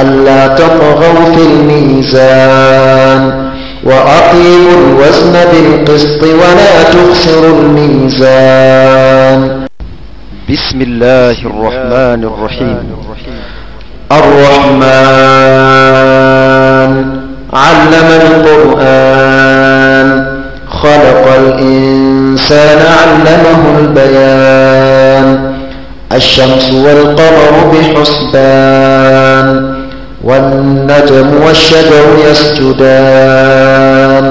ألا تطغوا في الميزان وأقيموا الوزن بالقسط ولا تخسروا الميزان بسم الله الرحمن الرحيم الرحمن علم القرآن خلق الإنسان علمه البيان الشمس والقمر بحسبان والنجم والشجر يسجدان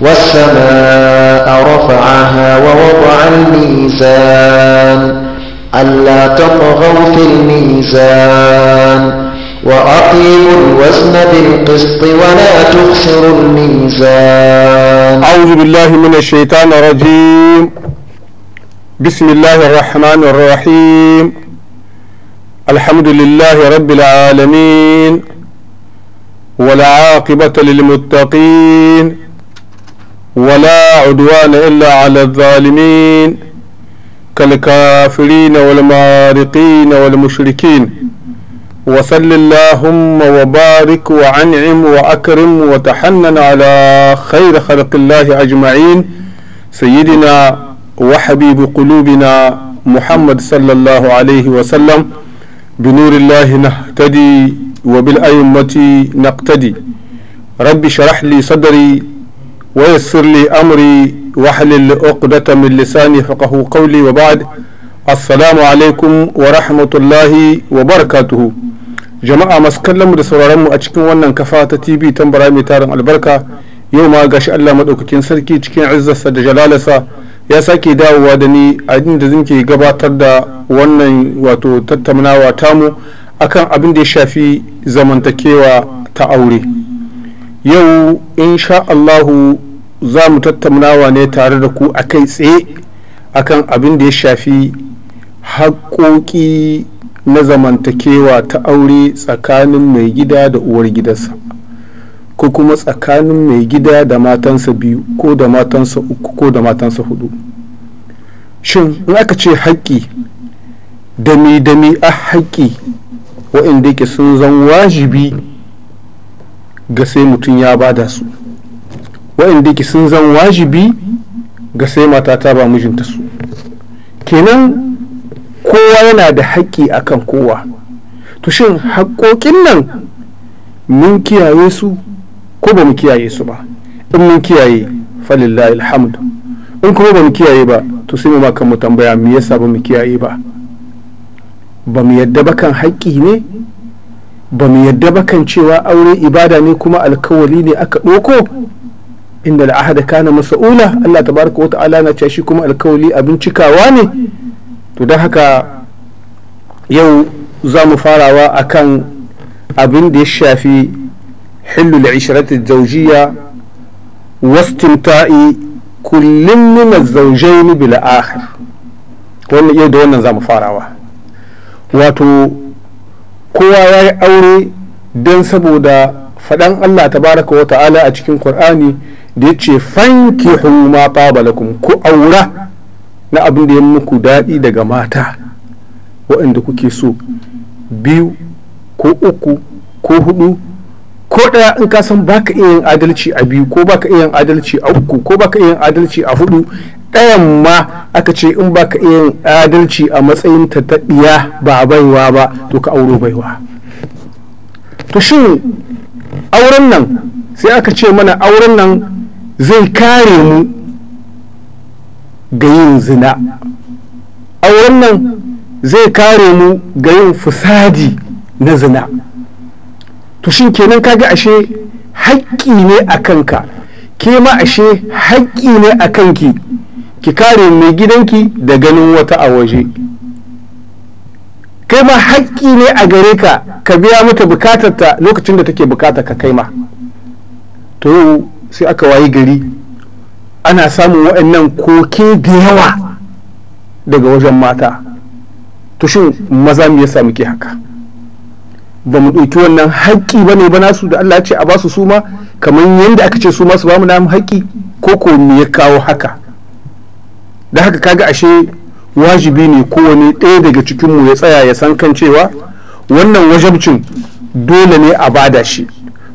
والسماء رفعها ووضع الميزان ألا تطغوا في الميزان وأقيموا الوزن بالقسط ولا تخسروا الميزان أعوذ بالله من الشيطان الرجيم بسم الله الرحمن الرحيم الحمد لله رب العالمين والعاقبة للمتقين ولا عدوان إلا على الظالمين كالكافرين والمارقين والمشركين وصل اللهم وبارك وعنعم وأكرم وتحنن على خير خلق الله أجمعين سيدنا وحبيب قلوبنا محمد صلى الله عليه وسلم بنور الله نهتدي وبالأئمة نقتدي رب شرح لي صدري ويسر لي أمري واحلل عقدة من لساني فقه قولي وبعد السلام عليكم ورحمة الله وبركاته jama'a masu kallon da sauraron mu a cikin wannan kafa ta tv tambara mai tarin albarka yau ma gashi allah maɗaukakin sarki cikin izzarsa da jalalarsa ya sake dawowa da ni a inda zan gabatar da wannan wato tattaunawa tamu akan abin da ya shafi zamantakewa ta aure yau insha allahu za mu tattaunawa ne tare da ku a kai tsaye akan abin da ya shafi haƙoƙi na zamantakewa ta aure tsakanin mai gida da uwar gidansa ko kuma tsakanin mai gida da matansa biyu ko da matansa uku ko da matansa hudu shin in aka ce haƙƙi dami dami a haƙƙi wa'inda yake sun zan wajibi ga sai mutum ya bada su wa'inda yake sun zan wajibi ga sai mata ta ba mijinta su kenan kowa yana da haƙƙi akan kowa to shin haƙƙoƙin nan mun kiyaye su ko ba mu kiyaye su ba in mun kiyaye falillahi alhamdu in kuma ba mu kiyaye ba to sai mu ma kan mu tambaya me yasa ba mu kiyaye ba ba mu yadda ba kan haƙƙi ne ba mu yadda ba kan cewa aure ibada ne kuma alkawali ne aka ɗoko inda al'ahada kana masa'ula Allah tabaraka wa ta'ala na cewa shi kuma alkawali abin cikawa ne to don haka yau za mu farawa akan abin da ya shafi حل العشرة الزوجية واستمتاع كل من الزوجين بالآخر wannan yau da wannan za mu farawa wato kowa ya yi aure dan saboda faɗan Allah ta tabaraka wa ta'ala a cikin kur'ani da ya ce fankihu ma tabalakum ku aura na abinda ya muku daɗi daga mata waɗanda kuke so biyu ko uku ko huɗu. ko ɗaya in ka san baka iya yin adalci a biyu ko baka iya yin adalci a uku ko baka iya yin adalci a hudu ɗayan ma aka ce in baka iya yin adalci a matsayin ta ta ba ba baiwa ba to ka auro baiwa to shin auren nan sai aka ce mana auren nan zai kare mu ga yin zina auren nan zai kare mu ga yin fusadi na zina to shin kenan kaga ashe haƙƙi ne a kanka ke ma ashe haƙƙi ne a kanki ki kare mai gidanki da ganin wata a waje kai ma haƙƙi ne a gare ka ka biya mata bukatarta lokacin da take bukata ka kai ma to yau sai aka wayi gari ana samun waɗannan koke da yawa daga wajen mata to maza me yasa muke haka ba mu ɗauki wannan haƙƙi ba ne ba nasu da Allah ce a ba su suma kamar yadda aka ce su ma su ba mu namu haƙƙi ko ko me ya kawo haka da haka kaga ashe wajibi ne kowane ɗaya daga cikin mu ya tsaya ya san kan cewa wannan wajabcin dole ne a bada shi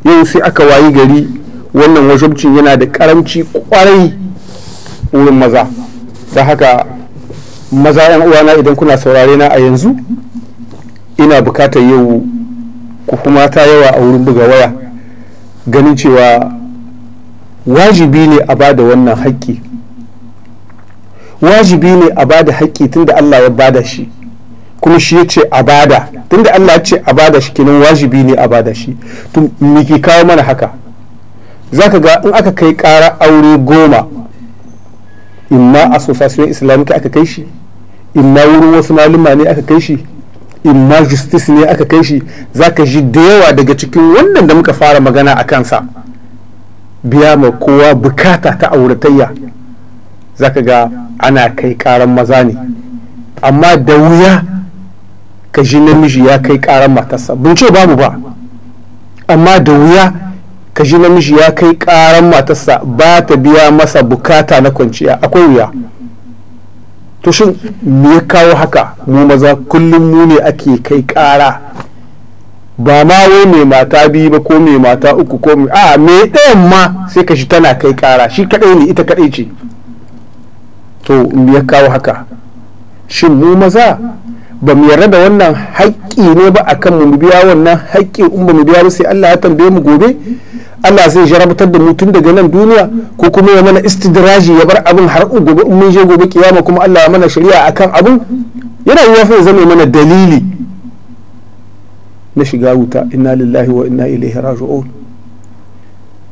yau sai aka wayi gari wannan wajabcin yana da karamci kwarai wurin maza da haka maza 'yan uwana idan kuna saurare na a yanzu ina bukatar yau ko kuma ta yawa a wurin buga waya ganin cewa wajibi ne a bada wannan haƙƙi wajibi ne a bada haƙƙi tunda Allah ya bada shi kuma shi ya ce a bada tunda Allah ya ce a bada shi kenan wajibi ne a bada shi to me ke kawo mana haka zaka ga in aka kai ƙara aure goma imma association islamic aka kai shi imma wurin wasu maluma ne aka kai shi in ma ne aka kai shi za ka ji da yawa daga cikin wannan da muka fara magana a kansa biya ma kowa bukata ta auratayya za ka ga ana kai karan maza ne amma da wuya ka ji namiji ya kai karan matarsa bince babu ba amma da wuya ka ji namiji ya kai karan matarsa ba ta biya masa bukata na kwanciya akwai wuya to shin me ya kawo haka mu maza kullum mu ne ake kai kara ba ma wai mai mata biyu ba ko mai mata uku ko mai a me ɗayan ma sai ka shi tana kai kara shi kaɗai ne ita kaɗai ce to me ya kawo haka shin mu maza ba mu yarda da wannan haƙƙi ne ba akan mu biya wannan haƙƙi in ba mu biya ba sai Allah ya tambaye mu gobe Allah zai jarabtar da mu tun daga nan duniya ko kuma ya mana istidraji ya bar abin har gobe in mun je gobe kiyama kuma Allah ya mana shari'a akan abin yana yi wafin ya zama mana dalili na shiga wuta inna lillahi wa inna ilaihi raji'un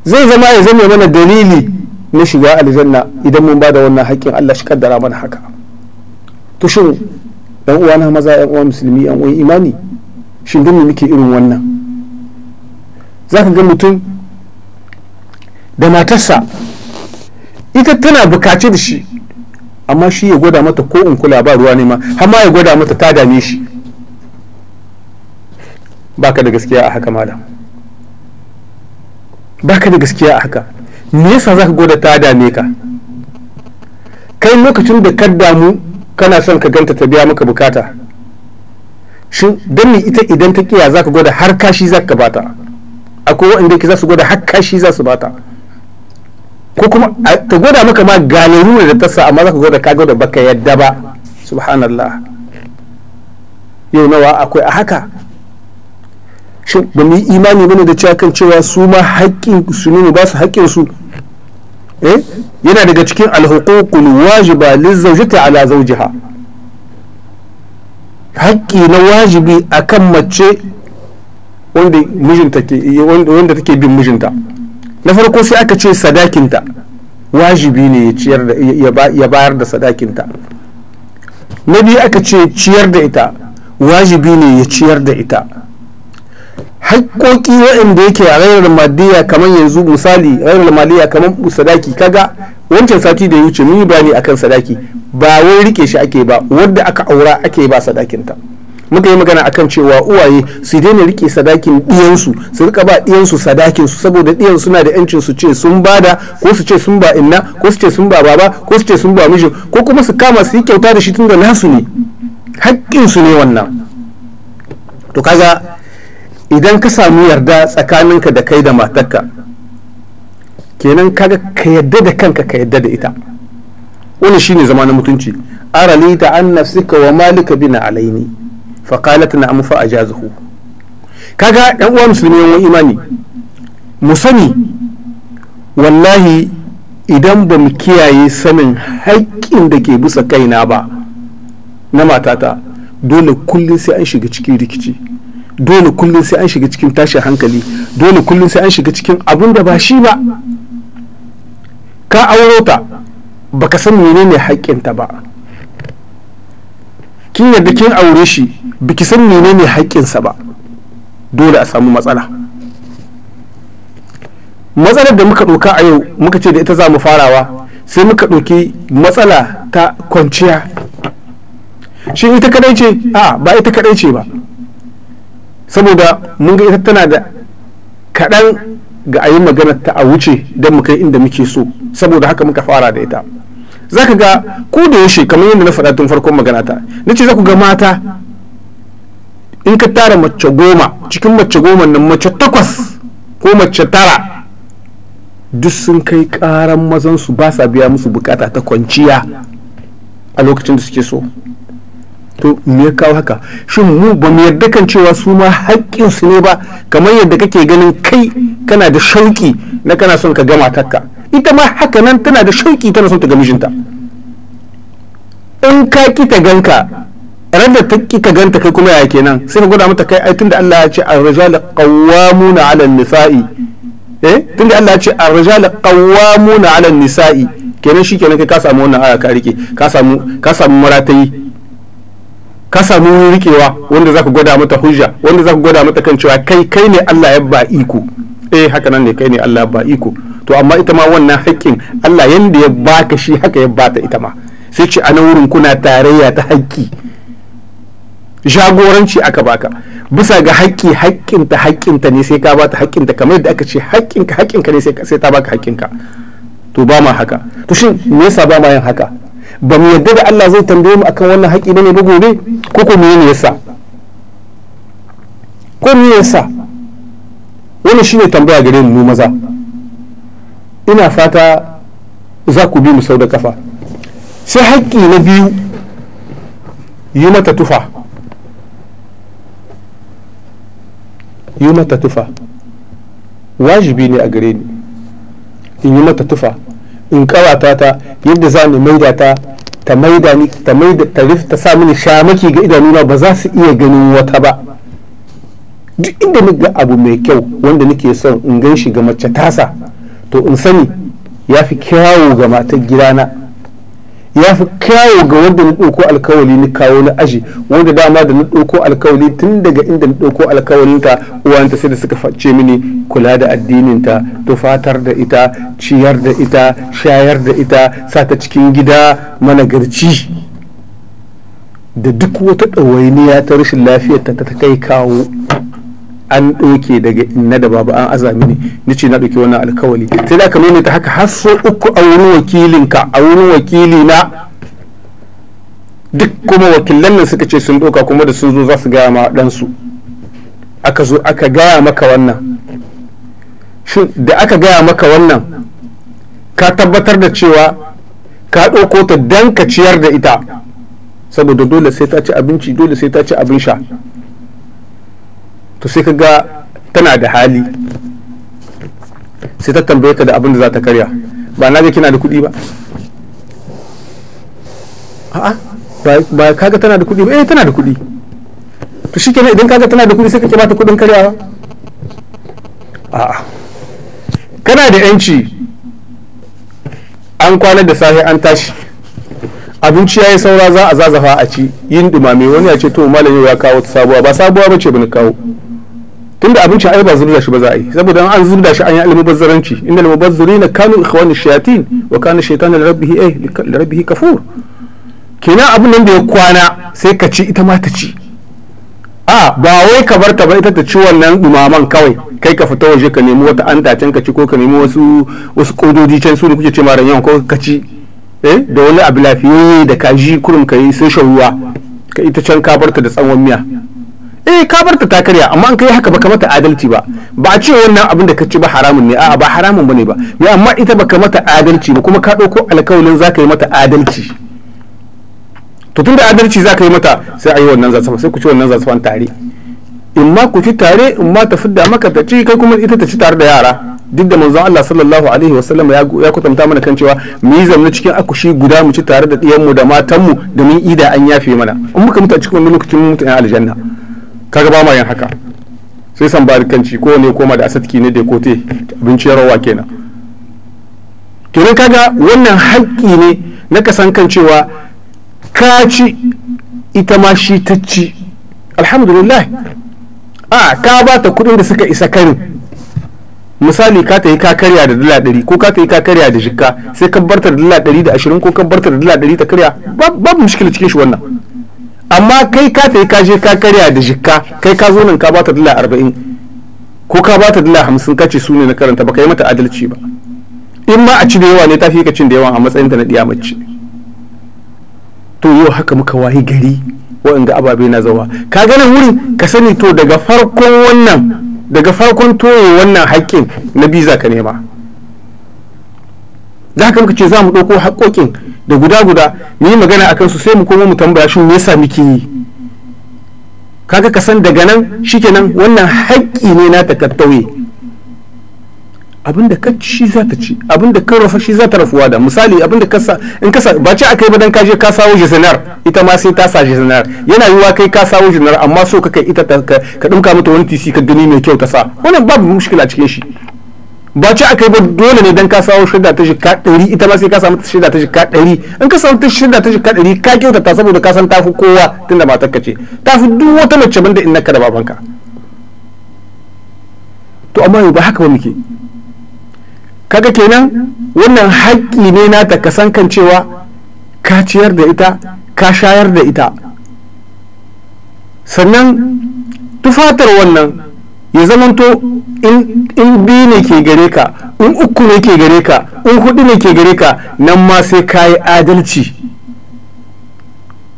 zai zama ya zama mana dalili na shiga aljanna idan mun bada wannan haƙƙin Allah shi kaddara mana haka to shin dan uwana maza ɗan uwa musulmi an uwan imani shin don muke irin wannan zaka ga mutum da matarsa ita tana bukaci da shi amma shi ya gwada mata ko in kula ba ruwa ne ma amma ya gwada mata ta dame shi baka da gaskiya a haka malam baka da gaskiya a haka me yasa zaka gwada ta dame ka kai lokacin da ka damu kana son ka ganta ta biya maka bukata shin don me ita idan ta kiya zaka gwada har kashi zaka bata akwai waɗanda ki za su gwada har kashi za su bata ko kuma ta gwada maka ma galeru ne da ta sa amma za ka gwada ka gwada baka yadda ba subhanallah yau nawa akwai a haka shin ba mu yi imani bane da cewa kan cewa su ma haƙƙin su ne ba su haƙƙin su eh yana daga cikin alhuququl wajiba lizawjati ala zawjiha haƙƙi na wajibi akan mace wanda mijinta ke wanda take bin mijinta na farko sai aka ce sadakinta wajibi ne ya bayar da sadakinta na biyu aka ce ciyar da ita wajibi ne ya ciyar da ita haƙƙoƙi waɗanda yake a rairar maliyya kamar yanzu misali rairar maliya kamar sadaki kaga wancan sati da ya wuce mun yi bayani akan sadaki ba wai rike shi ake ba wadda aka aura ake ba sadakinta muka yi magana a kan cewa uwaye su daina rike sadakin ɗiyansu su rika ba ɗiyansu sadakin su saboda diyansu suna da yancin su ce sun bada ko su ce sun ba inna ko su ce sun ba baba ko su ce sun ba mijin ko kuma su kama su yi kyauta da shi da nasu ne haƙƙin su ne wannan to kaga idan ka samu yarda tsakaninka da kai da matarka kenan kaga ka yadda da kanka ka yadda da ita wani shine zama na mutunci aralita an nafsika wa malika bina alaini na na na'am fa Ka kaga 'yan uwa musulmi yawan imani mu sani wallahi idan ba mu kiyaye sanin haƙƙin da ke busa kaina ba na matata dole kullum sai an shiga cikin rikici dole kullum sai an shiga cikin tashin hankali dole kullum sai an shiga cikin abun da ba shi ba ka aurota ta baka san menene haƙƙinta ba kin yadda kin aure shi biki san menene haƙƙinsa ba dole a samu matsala matsalar da muka ɗauka a yau muka ce da ita za mu farawa sai muka ɗauki matsala ta kwanciya shi ita kadai ce a ba ita kadai ce ba saboda mun ga ita tana da kaɗan ga a yi magana ta a wuce don mu kai inda muke so saboda haka muka fara da ita za ka ga ko da yaushe kamar yadda na faɗa tun farkon magana ta na ce za ku ga mata in ka tara mace goma cikin mace goma nan mace takwas ko mace tara duk sun kai karan su ba sa biya musu bukata ta kwanciya a lokacin da suke so to me ya kawo haka shin mu ba mu yarda kan cewa su ma haƙƙin su ne ba kamar yadda kake ganin kai kana da shauki na kana son ka gama takka ita ma haka nan tana da shauki tana son ta ga mijinta in ka ki ta ganka radda ta ki ka ganta kai kuma ya kenan sai ka gwada mata kai ai tunda Allah ya ce ar-rijal qawwamuna 'ala an-nisa'i eh tunda Allah ya ce ar-rijal qawwamuna 'ala an-nisa'i kenan shikenan kai ka samu wannan aya ka rike ka samu ka samu maratayi ka samu rikewa wanda zaka gwada mata hujja wanda zaka gwada mata kan cewa kai kai ne Allah ya ba iko eh haka nan ne kai ne Allah ya ba iko to amma ita ma wannan haƙƙin Allah yanda ya baka shi haka ya bata ita ma sai ce a wurin kuna tarayya ta haƙƙi jagoranci aka baka bisa ga haƙƙi haƙƙinta haƙƙinta ne sai ka bata haƙƙinta kamar yadda aka ce haƙƙinka haƙƙinka ne sai ta baka haƙƙinka to ba ma haka to shin me yasa ba ma yin haka ba mu yadda da Allah zai tambaye mu akan wannan haƙi ne ba gobe ko ko me yasa ko me yasa wannan shine tambaya gare mu maza ina fata za ku bi mu sau da kafa sai haƙƙi na biyu yi mata tufa yi mata tufa wajibi ne a gare ni in yi mata tufa in kawata ta yadda za mu maida ta ta maida ni ta maida ta ta sa mini shamaki ga idanuna ba za su iya ganin wata ba duk inda ni ga abu mai kyau wanda nake son in gan shi ga mace tasa to in sani ya fi kyawu ga matar gidana ya fi kyawu ga wanda na ɗauko alkawali na kawo na aji wanda dama da na ɗauko alkawali tun daga inda na ɗauko alkawalinta uwanta sai da suka face mini kula da addininta tufatar da ita ciyar da ita shayar da ita sa ta cikin gida mana garci da duk wata ɗawainiya ta rashin lafiyarta ta kai kawo an ɗauke daga inna da babu an azami ne ni ce na ɗauke wannan alkawali sai da ka nuna ta haka har so uku a wani wakilinka a wani wakili na duk kuma wakilan nan suka ce sun ɗauka kuma da sun zo za su gaya ma ɗansu aka zo aka gaya maka wannan shin da aka gaya maka wannan ka tabbatar da cewa ka ɗauko ta dan ka ciyar da ita saboda dole sai ta ci abinci dole sai ta ci abin sha to sai ka ga tana da hali sai ta tambaye ka da abin da za ta karya ba na ga kina da kuɗi ba a'a ba kaga tana da kuɗi ba eh tana da kuɗi to shi kenan idan kaga tana da kuɗi sai ka bata kuɗin karyawa a'a kana da yanci an kwana da safe an tashi abinci yayi saura za a zazafa a ci yin dumame wani ya ce to malam yau ya kawo ta sabuwa ba sabuwa bace bani kawo tunda abincin ai ba zubda shi ba za a yi saboda an zubda shi an yi inna inda mubazzirina kanu ikhwanu shayatin wa kana shaytan li rabbihi eh, ay li rabbihi kafur kenan abin nan da ya kwana sai ka ci ita ma ta ci a ba wai ka barta ba ita ta ci wannan dumaman kawai kai ka fita waje ka nemi wata anta can ka ci ko ka nemi wasu wasu kodoji can su ne kuke ce ma ranyan ko ka ci eh da wani abu lafiyayye da kaji kurum ka yi sun ruwa ka ita can ka barta da tsawon miya eh ka bar ta karya amma an kai haka baka mata adalci ba ba a ce wannan abin da ka ci ba haramun ne a'a ba haramun bane ba ya amma ita baka mata adalci ba kuma ka dauko alkawalin zaka yi mata adalci to tunda adalci zaka yi mata sai ayi wannan zasafa sai ku ci wannan an tare in ma ku ci tare in ma ta fidda maka ta ci kai kuma ita ta ci tare da yara duk da manzon Allah sallallahu alaihi wa sallam ya kwatanta mana kan cewa mu yi zamna cikin akushi guda mu ci tare da ɗiyanmu da matanmu da mun ida an yafe mana in muka mutu a cikin wani lokacin mun mutu aljanna kaga ba ma yin haka sai san barikanci ko ne koma da asatki ne da kote abinci rawa kenan kenan kaga wannan haƙƙi ne na kasan kan cewa ka ci ita ma shi ta ci alhamdulillah a ka ba ta kuɗin da suka isa karin misali ka ta yi ka karya da dala ɗari ko ka ta yi ka karya da jikka sai ka barta da dala ɗari da ashirin ko ka barta da dala ɗari ta karya babu mushkila cikin shi wannan amma kai ka tafi ka je ka karya da jikka kai ka zo nan ka bata dala arba'in ko ka bata dala hamsin ka ce su ne na karanta ba ka yi mata adalci ba in ma a ci da yawa ne ta fi ka cin da yawa a matsayin ta na ɗiya to yau haka muka wayi gari wa'anda ababe na zawa ka gani wurin ka sani to daga farkon wannan daga farkon toye wannan haƙƙin na biza ka nema za ka ce za mu ɗauko haƙoƙin da guda guda mu yi magana a kansu sai mu koma mu tambaya shi me yasa muke yi kaga ka san daga nan shikenan wannan haƙƙi ne na takattawe abinda ka shi za ta ci abinda ka rafa shi za ta rafuwa da misali abinda ka sa in ka ba ce akai ba dan ka je ka sawo jizinar ita ma sai ta sa jizinar yana wa kai ka sawo jizinar amma so ka kai ita ka dinka mata wani tisi ka gani mai kyau ta sa wannan babu mushkila cikin shi ba ci aka yi ba dole ne dan ka samu shida ta jika ɗari ita ma sai ka samu shida ta jika ɗari in ka samu shida ta jika ɗari ka ta saboda ka san ta fi kowa tunda matar ka ce ta fi duk wata mace banda in naka da babanka to amma yau ba haka ba muke kaga kenan wannan haƙƙi ne na ka san kan cewa ka ciyar da ita ka shayar da ita sannan tufatar wannan ya zamanto in biyu ne ke gare ka in uku ne ke gare ka in hudu ne ke gare ka nan ma sai ka yi adalci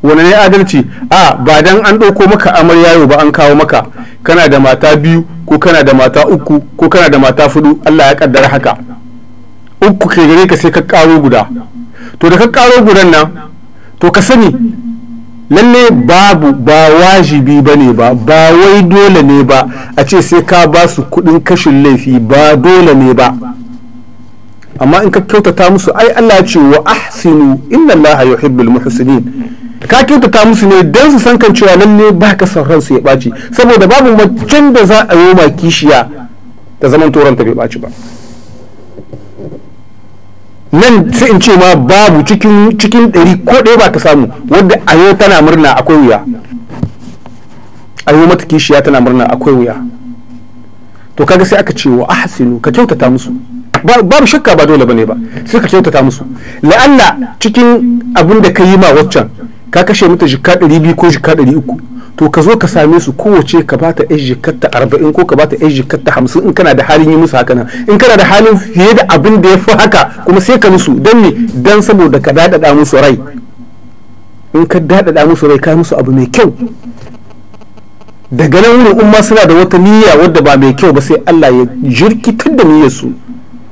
wani ne adalci a ba dan an ɗauko maka amaryayo ba an kawo maka kana da mata biyu ko kana da mata uku ko kana da mata fudu allah ya kaddara haka uku ke gare ka sai ka karo guda to da ka karo gudan nan to ka sani lalle babu ba wajibi ba ne ba ba wai dole ne ba a ce sai ka ba su kudin kashin laifi ba dole ne ba amma in ka kyautata musu ai Allah ce wa ahsinu inna Allah yuhibbul muhsinin ka kyautata musu ne dan su san kan cewa lalle baka ka ransu ya baci saboda babu macen da za a yi ma kishiya ta zaman toron bai baci ba nan sai in ce ma babu cikin cikin ɗari ko ɗaya ba ka samu wadda a yau tana murna akwai wuya a yau mata kishiya tana murna akwai wuya to kaga sai aka ce wa ahsinu ka kyautata musu babu shakka ba dole bane ba sai ka kyautata musu la'alla cikin abin da ka yi ma waccan ka kashe mata jikka ɗari biyu ko jikka ɗari uku to ka zo ka same su kowace ka ba ta yan jikar arba'in ko ka ba ta yan jikar hamsin in kana da halin yi musu haka nan in kana da halin fiye da abin da ya fi haka kuma sai ka musu don ne don saboda ka daɗaɗa musu rai in ka daɗaɗa musu rai ka musu abu mai kyau daga nan wurin umma suna da wata niyya wadda ba mai kyau ba sai Allah ya jirkitar da niyyar su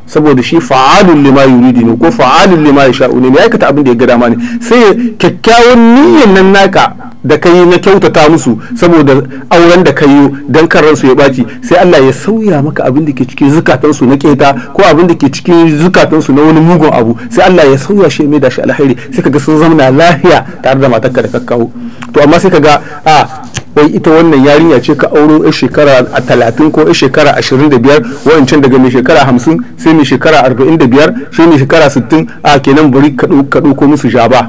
saboda shi fa'alun lima yuridi ne ko fa'alun lima yasha'u ne ya aikata abin da ya ga dama ne sai kyakkyawan niyyar nan naka da ka yi na kyautata musu saboda auren da ka yi don ransu ya ɓaci sai Allah ya sauya maka abin da ke cikin zukatansu na keta ko abin da ke cikin zukatansu na wani mugun abu sai Allah ya sauya shi mai da shi alheri sai kaga sun zamana lafiya tare da matarka da kakkawo to amma sai kaga a wai ita wannan yarinya ce ka auro a shekara talatin ko a shekara ashirin da biyar wancan daga mai shekara hamsin sai mai shekara arba'in da biyar sai mai shekara sittin a kenan bari ka ɗauko musu jaba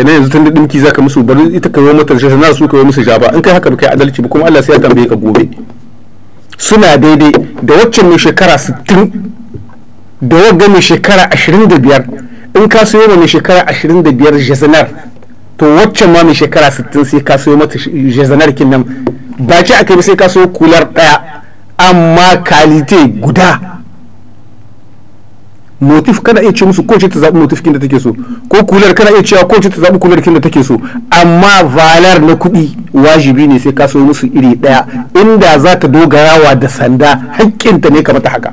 kenan yanzu tun da dinki zaka musu bari ita ka yi mata rashin na su ka yi musu jaba in kai haka kai adalci ba kuma Allah sai ya tambaye ka gobe suna daidai da waccan mai shekara 60 da wagga mai shekara 25 in ka sayo ma mai shekara 25 jazanar to waccan ma mai shekara 60 sai ka sayo mata jazanar kin nan ba ce aka bi sai ka sayo kular daya amma kalite guda motif kana iya ce musu ko ce ta zaɓi motif kin da take so ko kular kana iya cewa ko ce ta zaɓi kular kin da take so amma valar na kuɗi wajibi ne sai ka so musu iri ɗaya inda za ta dogarawa da sanda haƙƙinta ne ka mata haka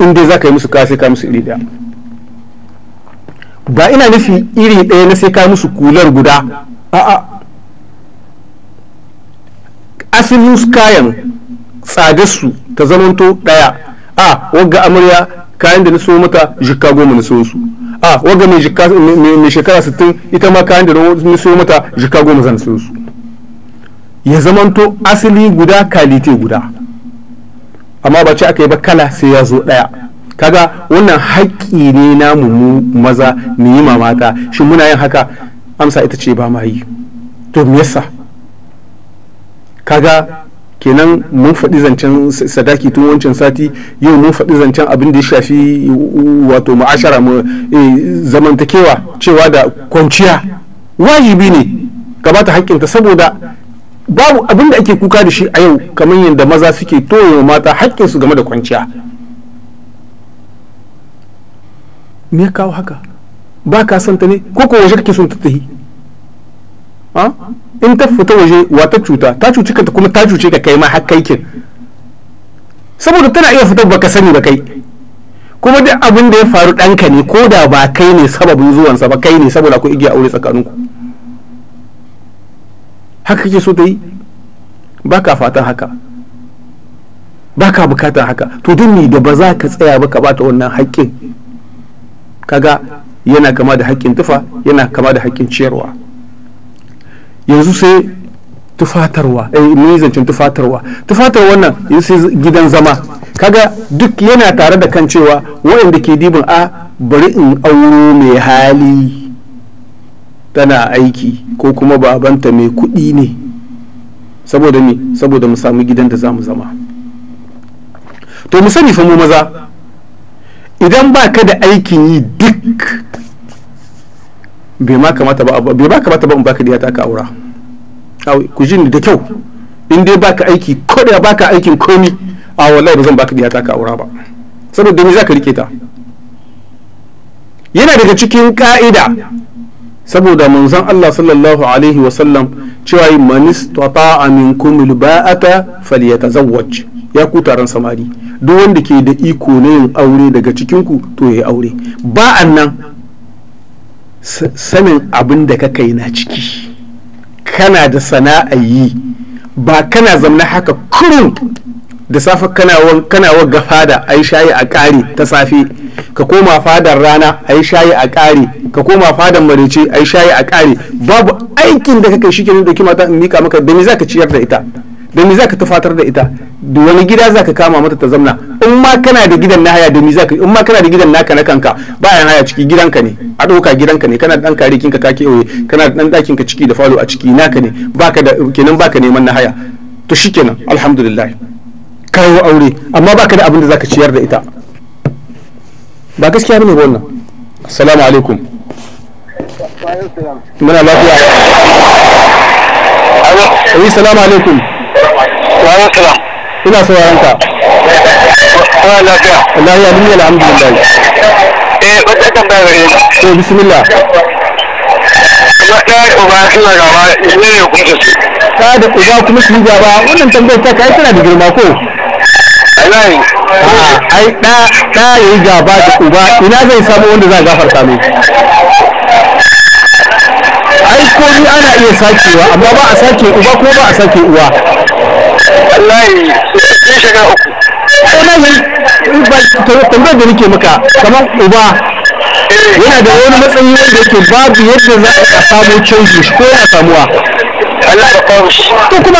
inda za ka yi musu ka sai ka musu iri ɗaya ba ina nufi iri ɗaya na sai ka musu kular guda a'a asalin kayan tsadarsu ta zamanto ɗaya a wagga amarya kayan da na so mata jikka goma na so su a waga mai shekara 60 ita ma kayan da na so mata jikka goma zan so su ya zamanto asali guda kalite guda amma ba ce aka yi ba kala sai ya zo daya kaga wannan haƙƙi ne na mu maza mu yi mamata shi muna yin haka amsa ita ce ba ma yi to me yasa kaga kenan mun faɗi zancen sadaki tun wancan sati yau mun faɗi zancen abin da ya shafi wato ma'ashara mu eh, zamantakewa cewa da kwanciya wajibi ne gabata haƙƙinta saboda babu abin da ake kuka da shi a yau kamar yadda maza suke toyewa mata haƙƙinsu game da kwanciya me ya kawo haka ba ka santa ne ko ko waje kake son ta tahi ah? in ta fita waje wata cuta ta cuci ka kuma ta cuce ka kai ma har kai kin saboda tana iya fita baka sani ba kai kuma duk abin da ya faru ɗanka ne ko da ba kai ne sababin zuwansa ba kai ne saboda ku igiya aure tsakaninku haka kake so ta yi ba fatan haka ba ka bukatar haka to duk ni da ba za ka tsaya ba ka bata wannan haƙƙin kaga yana kama da haƙƙin tufa yana kama da haƙƙin ciyarwa yanzu sai tufatarwa eh yi zancen tufatarwa tufatarwa wannan yanzu sai gidan zama kaga duk yana tare da kan cewa waɗanda ke dibin a bari in auro mai hali tana aiki ko kuma babanta mai kuɗi ne saboda ne saboda mu samu gidan da za mu zama to mu sani fa mu maza idan ba ka da aikin yi duk bai ma kamata ba kamata ba in baka diya ta ka aura ku jin da kyau in dai baka aiki ko da baka aikin komi a wallahi ba zan baka diya ta ka aura ba saboda me zaka rike ta yana daga cikin ka'ida saboda manzon Allah sallallahu alaihi wa sallam cewa man istata'a minkum alba'ata falyatazawwaj ya ku taron samari duk wanda ke da iko na yin aure daga cikin ku to yayi aure ba nan sanin abin da ka kai na ciki kana da sana'a yi ba kana zamna haka kurun da safe kana wagga fada a yi shayi a ƙare ta safe ka koma fadar rana a yi shayi a ƙare ka koma fadar marice a yi shayi a ƙare babu aikin da ka kai shi ke da kima ta mika maka da me za ka ciyar da ita Domin za zaka tufatar da ita da wani gida zaka kama mata ta zamna in ma kana da gidan na haya domin za ka in ma kana da gidan naka na kanka bayan haya ciki gidanka ne a ɗauka gidanka ne kana da ɗan karikin ka oye kana da ɗan ɗakin ka ciki da falo a ciki naka ne baka da kenan baka neman na haya to shikenan alhamdulillah kawo aure amma baka da abin da zaka ciyar da ita ba gaskiya bane wannan assalamu alaikum muna lafiya Ayo, eh, salamu alaikum. ina sauraron ka ana lafiya lafiya duniya alhamdulillah eh wata tambaya da ni Eh, bismillah kuma da uba suna gaba ne ne kuma su ka da uba kuma su gaba wannan tambayar ta kai tana da girma ko wallahi ai ɗa ya yi gaba da uba ina zai samu wanda za a gafarta mai ai komai ana iya sakewa amma ba a sake uba ko ba a sake uwa wallahi da nake maka kamar uba yana da wani matsayi wanda yake babu yadda za a samu canji ko yana samuwa Allah ba kawo to kuma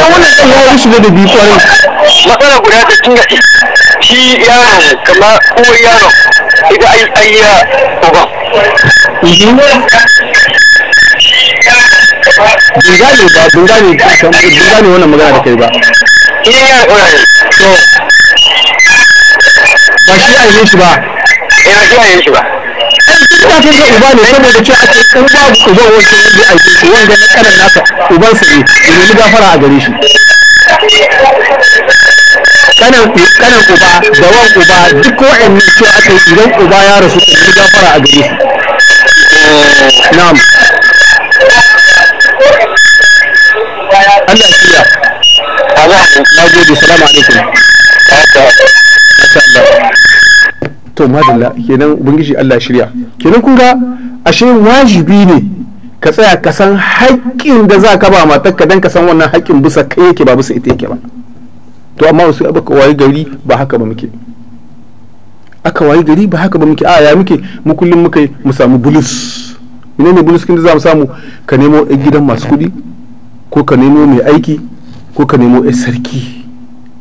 wannan kan ya yi shiga da biyu kwarai matsala guda ta tun gaske shi yaron kamar ko yaron idan ai ai ya uban mhm. Bin gane ba, bin gane, bin gane wannan magana da kai ba. Ina ya ƙorari. To, ba shi a yi shi ba. Ina shi a yi shi ba. Ai, duk da kan uba ne saboda ce ake kan babu Uba wancan wanda a yi shi wanda na kanan nasa uban sa ne, ya nemi gafara a gare shi. kanan kanan uba da wan uba duk wa'annan cewa ake idan uba ya rasu ku gafara a gare shi. Na'am. na gode salamu alaikum to madalla kenan ubangiji Allah shirya kenan kun ga ashe wajibi ne ka tsaya ka san haƙƙin da za ka ba matarka dan ka san wannan haƙƙin bisa kai yake ba bisa ita yake ba to amma wasu aka wayi gari ba haka ba muke aka wayi gari ba haka ba muke a ya muke mu kullum muke mu samu bulus menene bulus kin da za mu samu ka nemo gidan masu kuɗi ko ka nemo mai aiki ko ka nemo yar sarki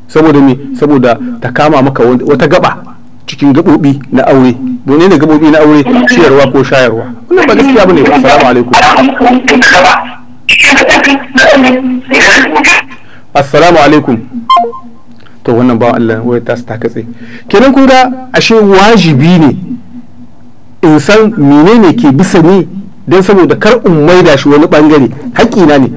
saboda me saboda ta kama maka wata gaba cikin gabobi na aure dole ne gabobi na aure ciyarwa ko shayarwa wannan ba gaskiya bane ba assalamu alaikum assalamu alaikum to wannan ba Allah wai ta ta katse kenan kun ga ashe wajibi ne in san menene ke bisa ne don saboda kar in maida shi wani bangare haƙƙina ne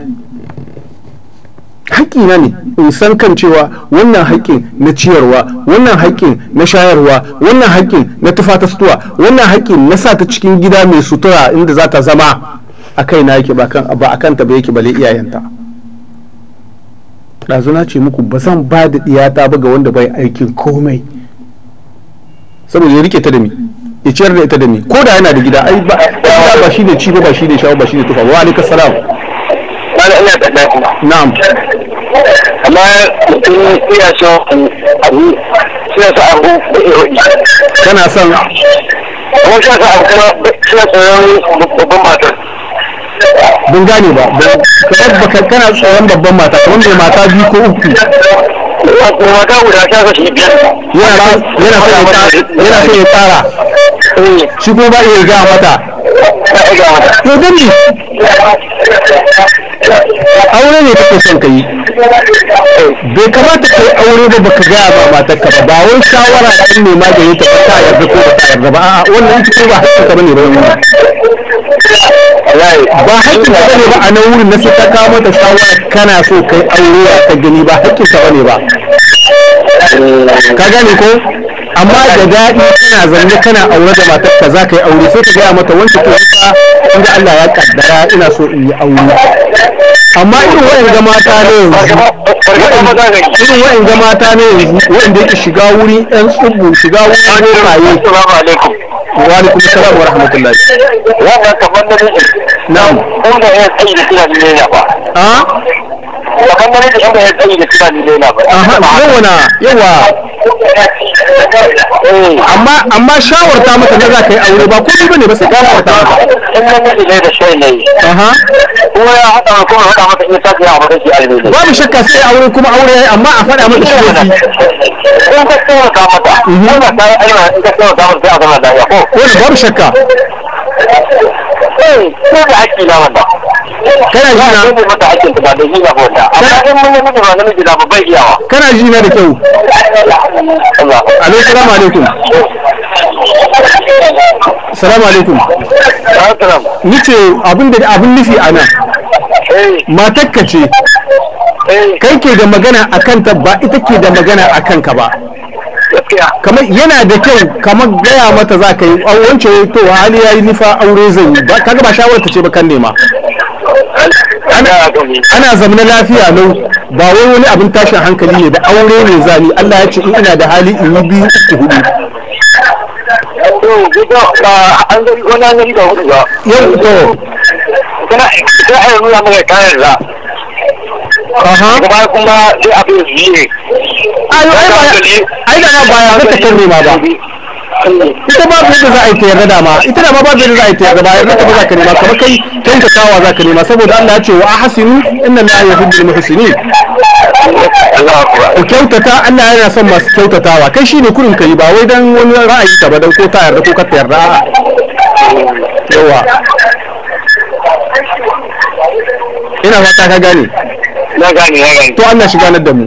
na ne in san kan cewa wannan haƙƙin na ciyarwa wannan haƙƙin na shayarwa wannan haƙƙin na tufa ta sutuwa wannan haƙƙin na sa ta cikin gida mai sutura inda za ta zama a kai na yake ba a kanta ba yake bale iyayenta ɗazu na ce muku ba zan ba da ɗiyata ba ga wanda bai aikin komai saboda ya rike ta da mi ya ciyar da ita da mi ko da yana da gida ai ba ba shine ci ba shine shawo ba shine tufa wa alaikas salam na'am amma mutum iya son abu suna sa abu da iroi kana son kuma sa abu kuma babban matar ban gane ba kamar baka kana tsoron babban mata kamar mai mata biyu ko uku mata guda ta kashi biyar yana so ya tsara eh. shi kuma ba iya gaya mata to dan aure ne kake son ka yi bai kamata ka yi aure da baka gaya ba matarka ba ba wai shawara kan ne ma da yi ta ta yarda ko ba ta yarda ba a'a wannan ciki ba hakkinka bane ba wannan ba hakkin ka bane ba a nan wurin na sai ta kawo mata shawara kana so kai aure ta gani ba hakkin ka bane ba ka gane ko amma da daɗi kana zanne kana aure da matar ka za ka yi aure sai ka gaya mata wancan to fa inda Allah ya kaddara ina so in yi aure amma irin ga mata ne yanzu irin ga mata ne yanzu waɗanda yake shiga wurin ƴan tsubu shiga wurin bokaye assalamu alaikum wa alaikum assalam wa rahmatullahi wannan kamar fannin na'am kun da ya tsaye da kira ne ya ba gaban nan da inda ya tsayi da suna ni daina ba yawa yawa eh, amma amma shawarta maka na za ka yi aure ba komai bane ba sai ka shawarta maka in nan ne ne da shi ne aha kuma ya hada ma kuma hada maka in ta ga abu da shi almini babu shakka sai aure kuma aure amma a faɗa maka shi ne in ka tsaya ka mata wannan sai aure in ka tsaya ka mata sai a zama da ya ko babu shakka eh da na da kyau alaikum abin nufi eh. ce eh. kai ke da magana a kanta ba ita ke da magana a kanka ba kamar yana da kyau kamar gaya mata za ka yi wancan to hali ya yi nufa aure zai yi ka gaba shawarar ta ce ba kan nema ana zamana lafiya lau ba wai wani abin tashin hankali ne ba aure ne zani Allah ya ce in ina da hali in yi biyu uku hudu yau to kana ai nuna maka kayan za kuma kuma duk abin biyu ma ba ita ba ta da za a yi ta yarda dama ita da ma ba ta yadda za a yi ta yarda ba yarda ba za ka nema kamar kai kyautatawa za ka nema saboda Allah ya ce wa ahsinu inna Allah yuhibbul muhsinin ku kyautata Allah yana son masu kyautatawa kai shine kurin kai ba wai dan wani ra'ayi ka ba dan ko ta yarda ko ka ta yarda a'a yawa ina fata ka gane na gane na gane to Allah shi ganar da mu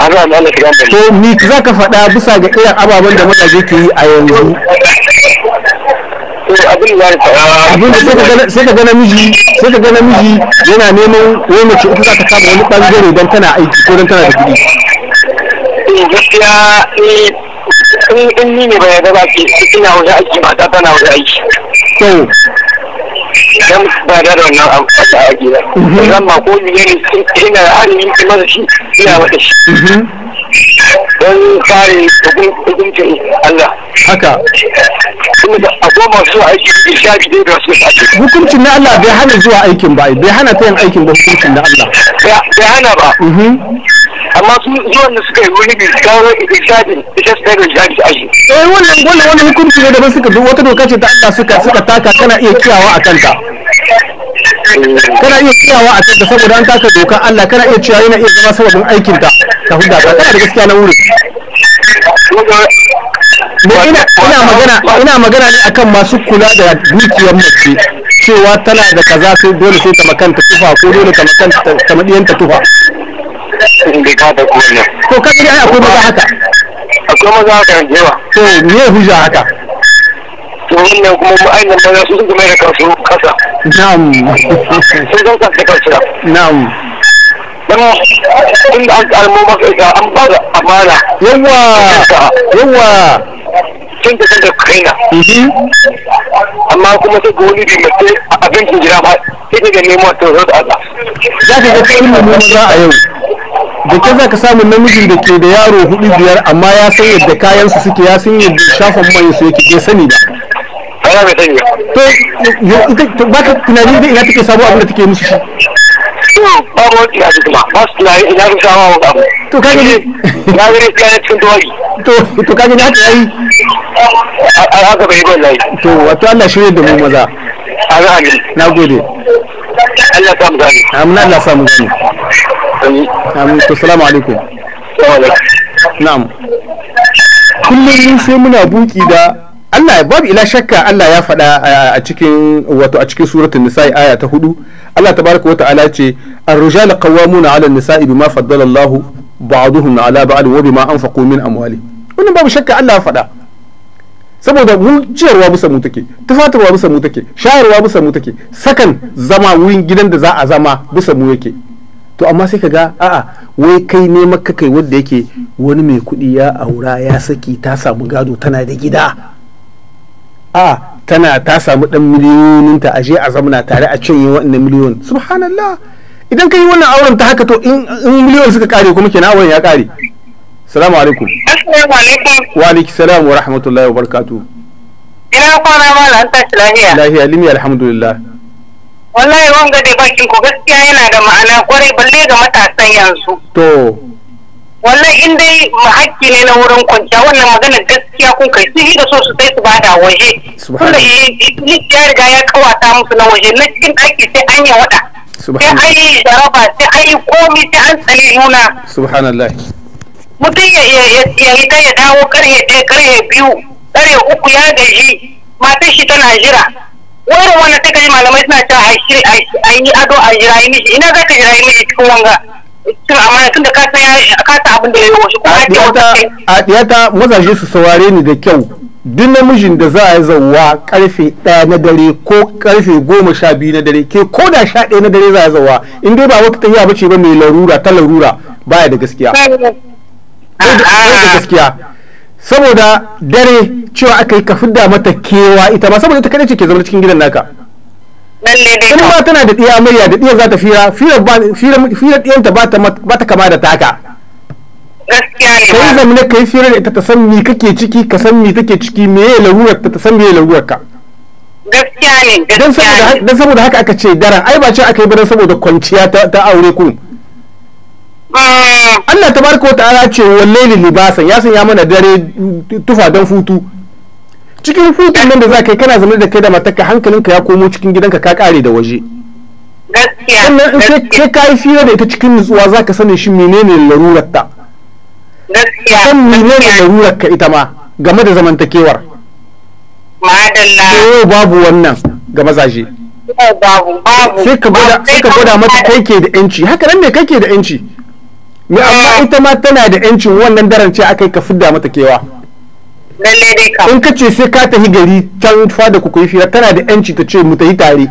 Allah Allah shi ganar da mu to ni zaka faɗa bisa ga irin ababen da mazaje ke yi a yanzu abin da sai ka gana miji sai ka ga namiji yana neman wani mace ita za ta kama wani bangare don tana aiki ko don tana da kuɗi gaskiya eh, in ni ne ba yarda ba ke ina wajen aiki mata tana wajen aiki dan ba da wannan abu da ake da zan ma ko ne ina halin kuma shi ina wata shi mhm. don kare hukuncin Allah haka kuma da a akwai masu aiki da shafi da su aiki hukuncin na Allah bai hana zuwa aikin ba bai hana ta yin aikin ba hukuncin na Allah bai hana ba mhm. amma sun zuwan da suka yi wani bi kawo irshadin ita sai da jihadi aji eh wannan wannan wani hukunci ne ba suka duk wata doka ce ta Allah suka suka taka kana iya kiyawa a kanta kana iya kiyawa a kanta saboda an taka doka Allah kana iya ciyawa yana iya zama sababin aikin ta ta huda ta kana da gaskiya na wuri ne ina ina magana ina magana ne akan masu kula da dukiyar mace cewa tana da kaza sai dole sai ta makanta tufa ko dole ta makanta ta tufa dai ka tafi wannan to ka gani akwai maza haka akwai maza haka da yawa to me ya hujja haka to wannan kuma mu ainihin maza su suka mai da kansu kasa na'am sai zan kansu kansu na'am dan inda an karmo maka ita an ba da amana yawa yawa kin da kaina mhm. amma kuma sai ga wani bi mace abincin gida ba sai ga nemo to zo da Allah za ka ga cikin mu a yau da ke za ka samu namijin da ke da yaro hudu biyar amma ya san yadda kayan su suke ya san yadda shafan mai su yake bai sani ba to ba ka tunanin da ina take samu abin da take musu shi babu wani tunani kuma ba su tunani ina su sama wani abu to kaga ne na gani su yana cikin tuwari to to kaga ne haka yayi a haka bai gwal layi to wato Allah shirye da mu maza a na gode Allah samu gani amina Allah samu gani amin to salamu alaikum na'am kullum sai muna buki da Allah babu ila shakka Allah ya faɗa a cikin wato a cikin suratul nisa'i aya ta hudu Allah tabaraka wa ta'ala ce ar-rijal qawwamuna 'ala an-nisa'i bima faddala Allah ba'dahum 'ala ba'd wa bima anfaqu min amwali wannan babu shakka Allah ya faɗa saboda mu ciyarwa musa mu take tufatarwa musa mu take shayarwa musa mu take sakan zama wurin gidan da za a zama musa mu yake to amma sai ka ga a'a wai kai ne maka kai wanda yake wani mai kuɗi ya aura ya saki ta samu gado tana da gida a tana ta samu ɗan miliyonin ta aje a zamana tare a cinye wannan miliyon subhanallah idan ka yi wannan auren ta haka to in miliyon suka kare kuma kenan auren ya kare salamu alaikum wa alaikum salam wa rahmatullahi wa barakatuh ina kwana malam tashi lahiya lahiya limi alhamdulillah wallahi wanga dai bakin ko gaskiya yana da ma'ana kwarai balle ga matasan yanzu to wallahi in dai hakki ne na wurin kwanciya wannan magana gaskiya kun kai sun yi da so su sai su bada waje tunda ya riga ya kawata musu na waje na cikin ɗaki sai an yi wada sai an yi jaraba sai an yi komi sai an tsali nuna subhanallah mutum ya yi ta ya dawo karhe ɗaya karhe biyu karhe uku ya gaji matar shi tana jira wani wannan sai yi malamai suna cewa a yi ado a jirayi mishi ina za ka jirayi mishi cikin wanga cikin amana da ka san ka san abin da ya yi wasu kuma ake wata a diyata mazaje su saurare ni da kyau duk namijin da za a yi zauwa karfe ɗaya na dare ko karfe goma sha biyu na dare ke ko da sha ɗaya na dare za a yi zauwa in dai ba wata tafiya ce ba mai larura ta larura baya da gaskiya. Bai da ah, ah. gaskiya. saboda dare cewa aka yi ka fidda mata kewa ita ba saboda ita kadai ce ke zama cikin gidan naka in ma tana da diya amarya da ɗiya za ta fira fira ɗiyanta ba ta kama da taka ka yi zamane ka yi fira da ita ta san mi kake ciki ka san mi take ciki me ya larurar ta ta san me ya larurar ka gaskiya ne dan saboda haka aka ce dara ai ba ce aka yi ba dan saboda kwanciya ta aure ku Allah tabaraka wa ta'ala ce wallahi libasan ya sanya mana dare tufa don futu cikin hutun nan da za ka yi kana zaune da kai da matarka hankalinka ya komo cikin gidanka ka kare da waje sannan in sai ka yi fiye da ita cikin nutsuwa za ka sani shi menene larurar ta san menene larurar ka ita ma game da zamantakewar madalla eh, babu wannan ga mazaje eh, sai ka gwada mata kai ke da yanci haka nan ne kai ke da yanci me amma eh. ita ma tana da yancin wannan daren ce yi ka fidda mata kewa lalle dai ka in ka sai ka tafi gari can fada ku kuyi fira tana da yanci ta ce mu tafi tare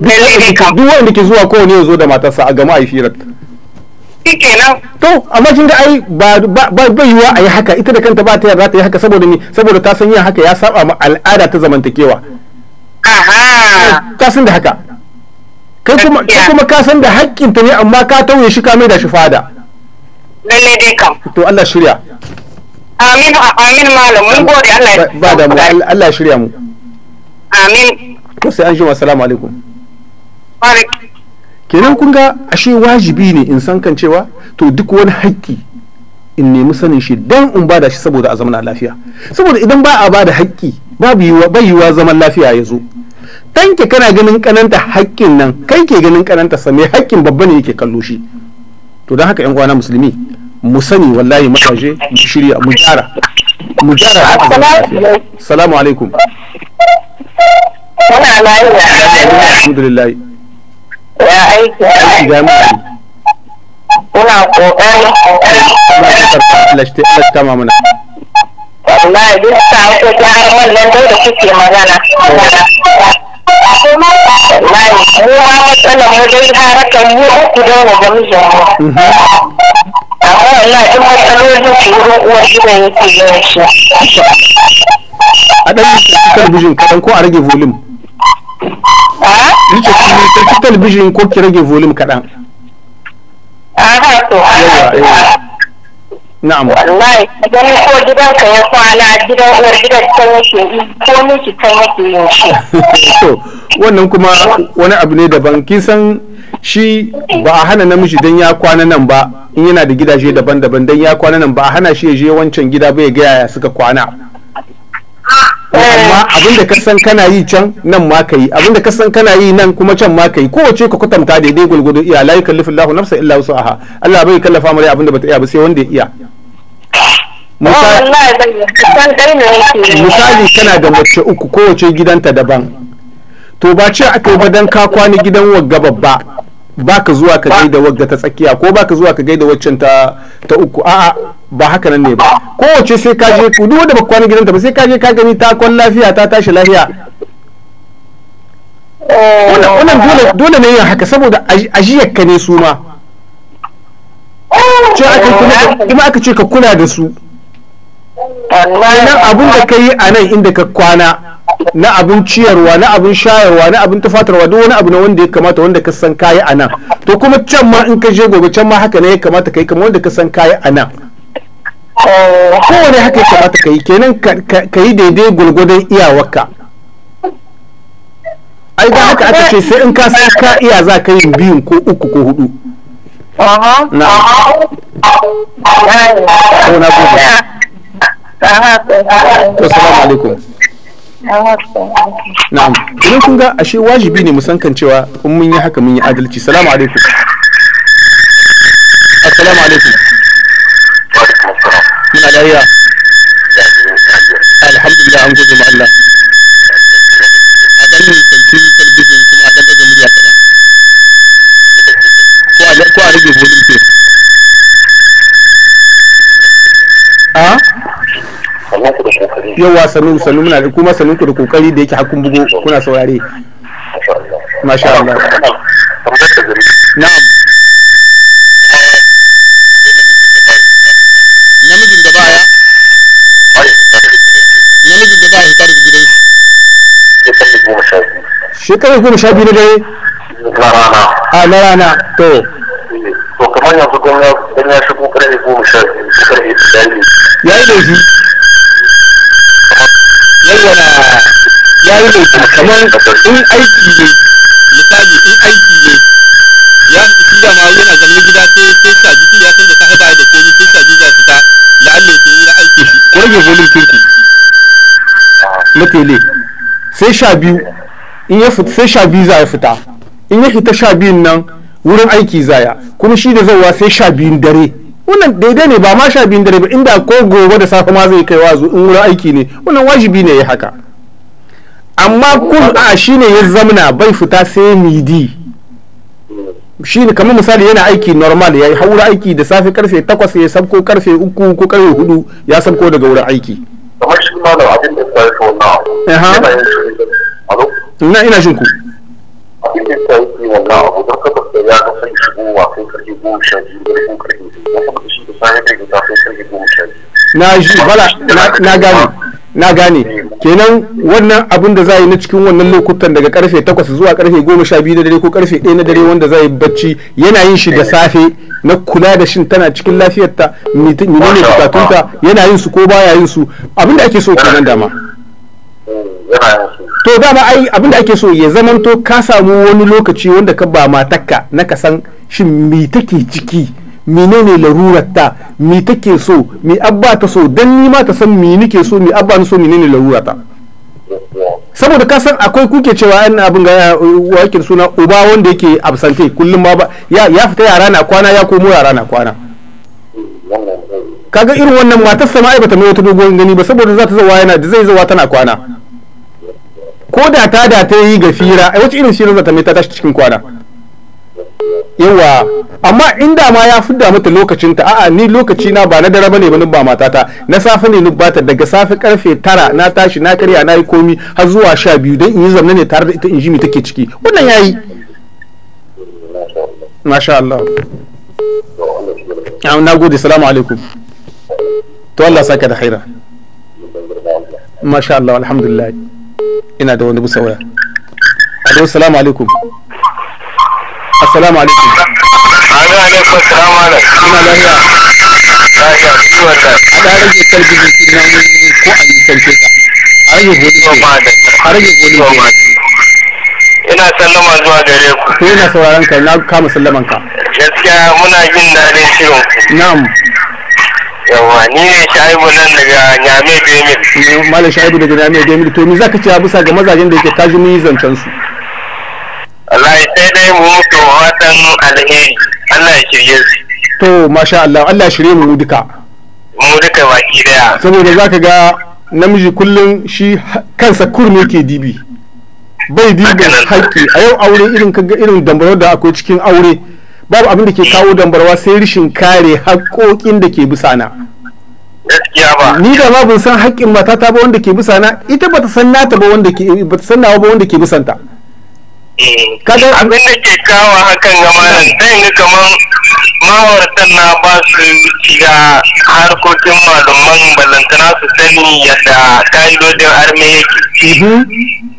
lalle dai ka duk wanda ke zuwa kowane ya zo da matarsa a gama a yi firar to amma kin ga ai ba ba yiwa a yi haka ita da kanta ba ta yarda ta yi haka saboda ni saboda ta san yin haka ya saba ma al'ada ta zamantakewa aha ta san da haka kai kuma kai kuma ka san da haƙƙin ta ne amma ka tauye shi ka mai da shi fada lalle dai kam to Allah shirya amin amin malam mun gode Allah ya ba da mu Allah shirya mu amin to sai an jima assalamu alaikum wa kenan kun ga ashe wajibi ne in san kan cewa to duk wani haƙƙi in nemi sanin shi dan in bada shi saboda a zaman lafiya saboda idan ba a bada haƙƙi babu yiwuwa zaman lafiya ya zo ɗanki kana ganin kananta haƙƙin nan kai ke ganin kananta sa me haƙƙin babba ne yake kallo shi to don haka yan uwana musulmi mu sani wallahi mataje mu shirya mu gyara mu gyara haka da salamu alaikum muna layi alhamdulillah ya aiki aiki ga mu kokari muna kokari Allah wallahi duk ta ko gyaran wannan da kuke magana wallahi mu ma matsalar mu dai harakan mu uku da mu ga mijin mu amma wallahi duk matsalolin ki wurin uwar gida yake yin shi a ɗan rike talabijin kaɗan ko a rage volume rike talabijin ko ki rage volume kaɗan Aha, to. Yawa, yawa. Na'am. Wallahi idan ko ka ya kwana gidan uwar gidan can yake yi ko miki can yake yin shi. To wannan kuma wani abu ne daban kin san shi ba a hana namiji dan ya kwana nan ba in yana da gidaje daban-daban dan ya kwana nan ba a hana shi ya je wancan gida ba ya ga yaya suka kwana. amma eh. abin da kasan kana yi can nan ma ka yi abin da kasan kana yi nan kuma can ma ka yi kowace ka kwatanta daidai gulgudu iya la yukallifu Allahu nafsa illa aha Allah bai kallafa mare abin da bata iya ba sai wanda ya iya oh, misali kana da mace uku kowace gidanta daban to ba ce aka yi dan ka kwani gidan wagga babba baka zuwa ka gaida wagga ta tsakiya ko baka zuwa ka gaida waccan ta uku a'a ba haka nan ne ba kowace sai ka je ku duk wanda ba kwana gidanta ba sai ka je ka gani ta kwan lafiya ta tashi lafiya wannan dole ne yin haka saboda ajiyar ka ne su ma ce aka kuma aka ce ka kula da su wannan abin da ka yi a nan inda ka kwana na abin ciyarwa na abin shayarwa na abin tufatarwa duk wani abu na wanda ya kamata wanda ka san kayi a nan to kuma can ma in ka je gobe can ma haka ne ya kamata ka yi kamar wanda ka san kayi a nan kowane haka ya kamata ka yi kenan ka yi daidai gwargwadon iyawarka ai da haka aka ce sai in ka san ka iya za ka yi biyun ko uku ko hudu na na to salamu alaikum na'am idan kun ga ashe wajibi ne musan cewa in mun yi haka mun yi adalci salamu alaikum assalamu alaikum muna an gode a dan kalfi talbijin kuma a dan kokari da yake hakun bugo kuna saurare masha Allah na'am shekarar goma sha biyu na dare na rana a na rana to to kamar yanzu don ya shigo karfe goma sha biyu karfe biyu ya yi laifi yawwana ya yi laifi kamar in aiki ne misali in aiki ne ya shi da ma yana zaune gida sai sai shaji shi ya san da ta sahiba da komai sai shaji zai fita la'alla ya yi aiki shi ko rage volume tinku na tele sai sha biyu in ya fita sai sha biyu za ya fita in ya fita sha biyun nan wurin aiki zaya kuma shi da zauwa sai sha biyun dare wannan daidai ne ba ma sha biyun dare ba inda ko gobe da safe ma zai kai wazo in wurin aiki ne wannan wajibi ne ya haka amma kun a shi ne ya zamana bai fita sai midi shi ne kamar misali yana aiki normal ya yi haura aiki da safe karfe takwas ya sabko karfe uku ko karfe hudu ya sabko daga wurin aiki kamar shi ma da abin da ya fi wannan yana yin ina ina jin ku abin wannan da ya karfe goma karfe shi karfe goma na ji bala na gane na gane kenan wannan abin da za yi na cikin wannan lokutan daga karfe 8 zuwa karfe 12 na dare ko karfe 1 na dare wanda za yi bacci yana yin shi da safe na kula da shin tana cikin lafiyarta ne bukatunta yana yin su ko baya yin su abin da ake so kenan dama yana to dama ai abinda ake so ya zamanto ka samu wani lokaci wanda ka ba matakka na ka san shin mi take ciki menene ta me take so mi abba ta so dan ni ma ta san mi nake so mi abba ni so menene ta saboda ka san akwai kuke cewa an abin ga uh, wakin suna uba wanda yake absente kullum ma ba ya fita yara na kwana ya komo yara na kwana kaga irin wannan matar sama'i bata mai wata dogon gani ba saboda za ta zawa yana da zai zawa tana kwana ko da ta da ta yi ga fira wacce irin shirin zata mai ta tashi cikin kwana yawa amma inda ma ya fidda mata lokacinta a'a ni lokaci na ba na dare bane ba ba matata na safe ne bata daga safe karfe tara na tashi na karya na yi komi har zuwa sha biyu don in yi zamne ne tare da ita in mi take ciki wannan yayi masha Allah na gode salamu alaikum to Allah saka da khaira masha Allah alhamdulillah ina da wani busa waya alo salamu alaikum assalamu alaikum ana alaikum salamu alaikum ina lafiya lafiya biyu wannan a Ta rage talbijin kinan ko a nisance ta a rage boli a rage boli ina sallama zuwa gare ku to ina sauraron ka na kama sallaman ka gaskiya muna jin daɗin shirin ku na'am yawa ni ne shaibu nan daga nyame gemil malam shaibu daga nyame gemil to mi zaka ce bisa ga mazajen da yake kaji mun zancen su wallahi sai dai mu mutu watan alheri Allah ya shirye to masha Allah Allah ya shirye mu duka mu duka baki daya saboda zaka ga namiji kullum shi kansa kurmi ke dibi bai dibi haƙƙi a yau aure irin kaga irin dambarwar da akwai cikin aure babu abin da ke kawo dambarwa sai rishin kare haƙoƙin da ke bisa na gaskiya ba ni da ma ban san haƙƙin matata ba wanda ke bisa na ita bata san nata ba wanda ke bata san nawa ba wanda ke ta. Eh, Kada abin da ke kawo hakan ga malam sai ni kaman ma'auratan na ba su shiga harkokin malaman balantana su sani yadda ka'idodin armiya yake mhm.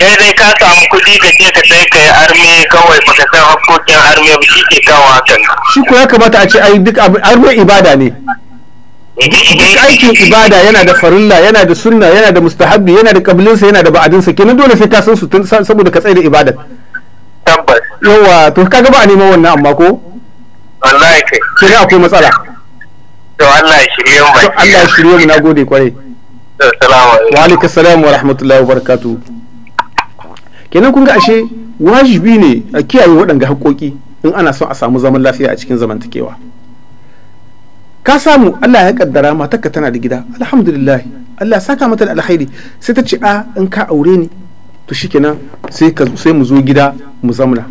sai eh, dai ka samu kudi ka je ka sai kai arme kawai baka san hakkokin arme ba shi ke kawo hakan shi ko ya kamata a ce ai duk arme ibada ne duk aikin ibada yana da farilla yana da sunna yana da mustahabbi yana da kabilinsa yana da ba'adinsa kenan dole sai ka san su saboda ka tsaye da tabbas yawa to kaga ba a neman wannan amma ko wallahi kai kira akwai matsala to Allah ya shirye mu Allah ya shirye mu nagode kwarai assalamu alaikum wa alaikum assalam wa rahmatullahi wa barakatuh kenan kun ga ashe wajibi ne a kiyaye waɗanga haƙoƙi in ana son a samu zaman lafiya a cikin zamantakewa ka samu Allah ya kaddara matarka tana da gida alhamdulillah Allah ya saka mata da alkhairi sai ta ce a in ka aure ni to shikenan sai ka sai mu zo gida mu zamna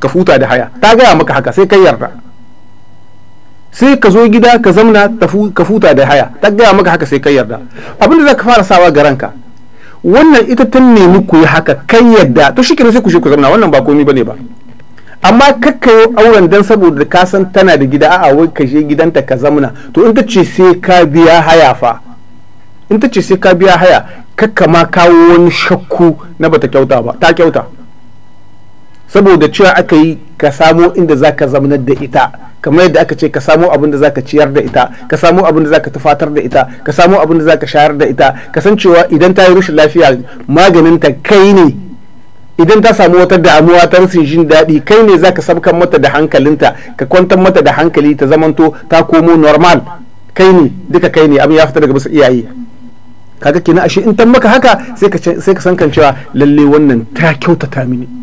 ka futa da haya ta gaya maka haka sai kai yarda sai ka zo gida ka zamna ka futa da haya ta gaya maka haka sai kai yarda abinda zaka fara sawa ga ranka wannan ita ta nemi ku yi haka kan yadda to shi sai ku shi ku zamana wannan ba komai bane ba amma kakkayo auren dan saboda ka san tana da gida a'a wai ka je gidanta ka zamana to in ta ce sai ka biya haya fa in ta ce sai ka biya haya kakka ma kawo wani shakku na bata kyauta ba ta kyauta saboda cewa aka yi ka samo inda zaka ka da ita kamar yadda aka ce ka samo abin da zaka ciyar da ita ka samo abin da zaka tufatar da ita ka samo abin da zaka shayar da ita ka san cewa idan ta yi rashin lafiya maganin ta kai ne idan ta samu wata damuwa ta rashin jin daɗi kai ne zaka sabkan mata da hankalinta ka kwantar mata da hankali ta zamanto ta komo normal kai ne duka kai ne abin ya fita daga bisa iyaye kaga kenan ashe in tan maka haka sai ka san kan cewa lalle wannan ta kyautata mini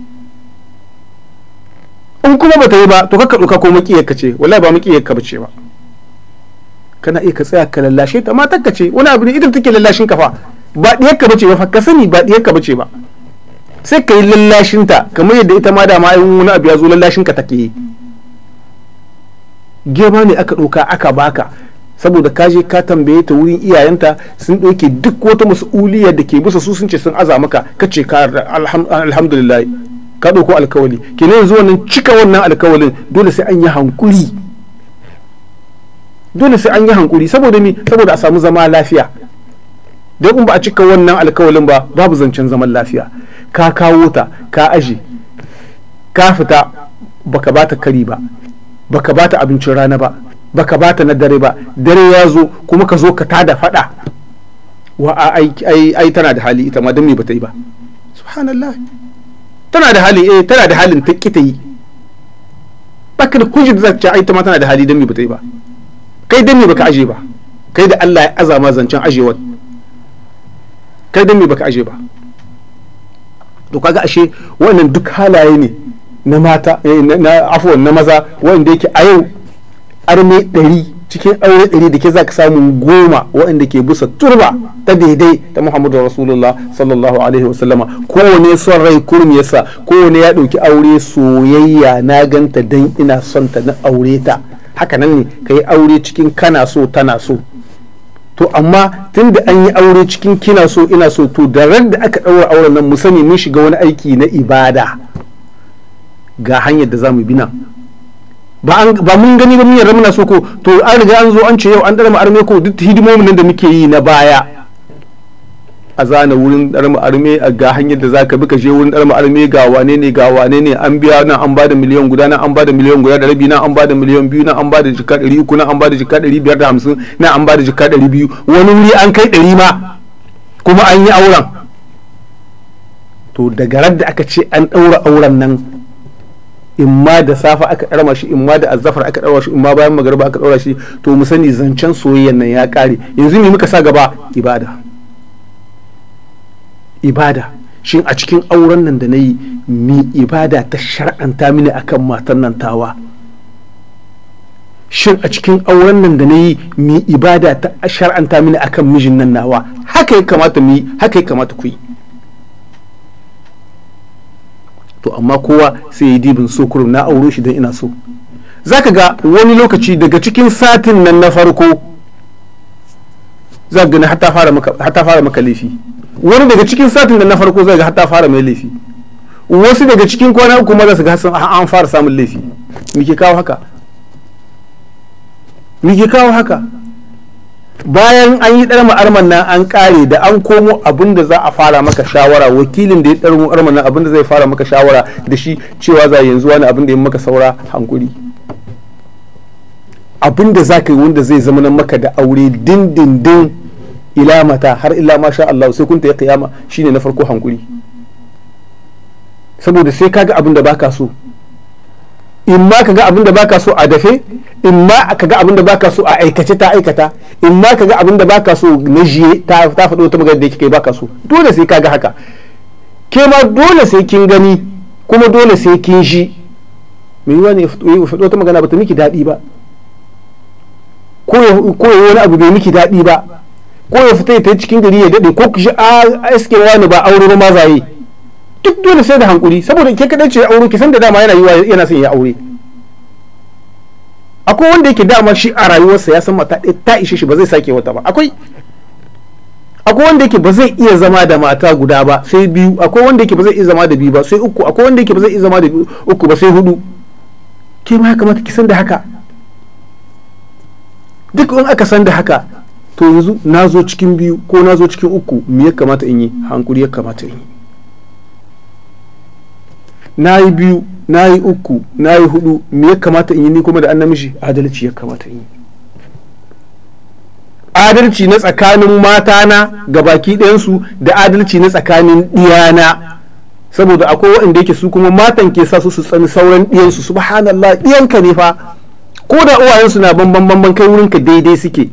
in kuma ba ta yi ba to ka ɗauka ko ka ce wallahi ba makiyarka ba ce ba kana iya ka tsaya ka lallashe ta matar ka ce wani abu ne idan take lallashin ka fa ba ɗiyarka ba ce ba fa ka sani ba ɗiyarka ba ce ba sai ka yi lallashin ta kamar yadda ita ma dama in wani abu ya zo lallashin ka take yi gema ne aka ɗauka aka baka saboda ka je ka tambaye ta wurin iyayenta sun ɗauke duk wata mas'uliyar da ke bisa su sun ce sun aza maka ka ce ka alhamdulillah ka ɗauko alkawali ne yanzu wannan cika wannan alkawalin dole sai an yi hankuri dole sai an yi hankuri saboda mi saboda a samu zama lafiya dai in ba a cika wannan alkawalin ba babu zancen zaman lafiya ka kawo ta ka aje ka fita baka bata kari ba baka bata abincin rana ba baka bata na dare ba dare ya zo kuma ka zo ka tada fada wa ai tana da hali ita ma dan me bata yi ba subhanallah tana da hali eh tana da halin ta kita ta yi bakin da da za ta ai ta ma tana da hali dan me bata yi ba kai dan me baka aje ba kai da Allah ya azama zancen ajewar kai dan me baka aje ba to kaga ashe wannan duk halaye ne na mata eh, na afuwan na maza wanda yake a yau arme ɗari cikin aure ɗari da ke za ka samu goma waɗanda ke busa turba ta daidai ta muhammadu rasulullah sallallahu alaihi wasallama kowane son rai kurmi yasa kowane ya ɗauki aure soyayya na ganta dan ina son ta na aure ta haka nan ne ka yi aure cikin kana so tana so to amma tun da an yi aure cikin kina so ina so to da da aka ɗaura auren nan mu sani mun shiga wani aiki na ibada ga hanyar da za mu bi ba mun gani ba miyar ramuna muna so ko to an riga an zo an ce yau an dara mu arme ko duk hidimomin nan da muke yi na baya a zana wurin ɗarma arme a ga hanyar da zaka bi ka je wurin ɗarma arme ga wane ne ga wane ne an biya nan an bada miliyan guda nan an bada miliyan guda da rabi nan an bada miliyan biyu nan an bada jika ɗari uku nan an bada jika ɗari biyar da hamsin nan an bada jika ɗari biyu wani wuri an kai ɗari ma kuma an yi auren to daga da aka ce an ɗaura auren nan in ma da safa aka ɗarma shi in ma da azzafar aka ɗarma shi in ma bayan magariba aka ɗora shi to mu sani zancen soyayyan nan ya ƙare yanzu me muka sa gaba ibada ibada shin a cikin auren nan da na yi mi ibada ta shar'anta mini akan matan nan tawa shin a cikin auren nan da na yi mi ibada ta shar'anta mini akan mijin nan nawa haka ya kamata mu haka ya kamata ku yi to amma kowa sai yi dibin so kurum na auro shi don ina so zaka ga wani lokaci daga cikin satin nan na farko za gani na hatta fara maka laifi wani daga cikin satin nan na farko za ga hatta fara mai laifi wasu daga cikin kwana uku ma za su ga sun an fara samun laifi me ke kawo haka me ke kawo haka bayan an yi ɗarma arman nan an ƙare da an komo abin da za a fara maka shawara wakilin da ya ɗarma arman nan abin da zai fara maka shawara da shi cewa za yanzu wani abin da ya maka saura hankuri abin da za ka yi wanda zai zama maka da aure dindindin ila har illa masha sha Allah sai kun ta ya kiyama shine na farko hankuri saboda sai kaga abin da baka so in ma ka ga abin da baka so a dafe in ma ka ga abin da baka so a aikace ta aikata in ma ka ga abin da baka so na jiye ta faɗo ta magana da kike baka so dole sai ka ga haka ke ma dole sai kin gani kuma dole sai kin ji me yiwa ne faɗo ta magana ba ta miki daɗi ba ko ya wani abu bai miki daɗi ba ko ya fita ta cikin gari ya daɗe ko ku ji a ah, eskewa ne ba aure ba ma zaye duk dole sai da hankuri saboda ke kadai ce aure ki san da dama yana yiwa yana son ya aure akwai wanda yake dama shi a rayuwarsa ya san mata ta ishe shi ba zai sake wata ba akwai akwai wanda yake ba zai iya zama da mata guda ba sai biyu akwai wanda yake ba zai iya zama da biyu ba sai uku akwai wanda yake ba zai iya zama da uku ba sai hudu ke ma kamata ki san da haka duk in aka san da haka to yanzu na zo cikin biyu ko na zo cikin uku me ya kamata in yi hankuri ya kamata in yi na yi biyu na yi uku na yi hudu me ya kamata in yi ni kuma da an namiji adalci ya kamata in yi adalci na tsakanin matana ga baki ɗayansu da adalci na tsakanin ɗiyana saboda akwai waɗanda yake su kuma matan ke sa su su tsani sauran ɗiyansu subhanallah ɗiyanka ne fa ko da uwayensu na banban banban kai wurinka daidai suke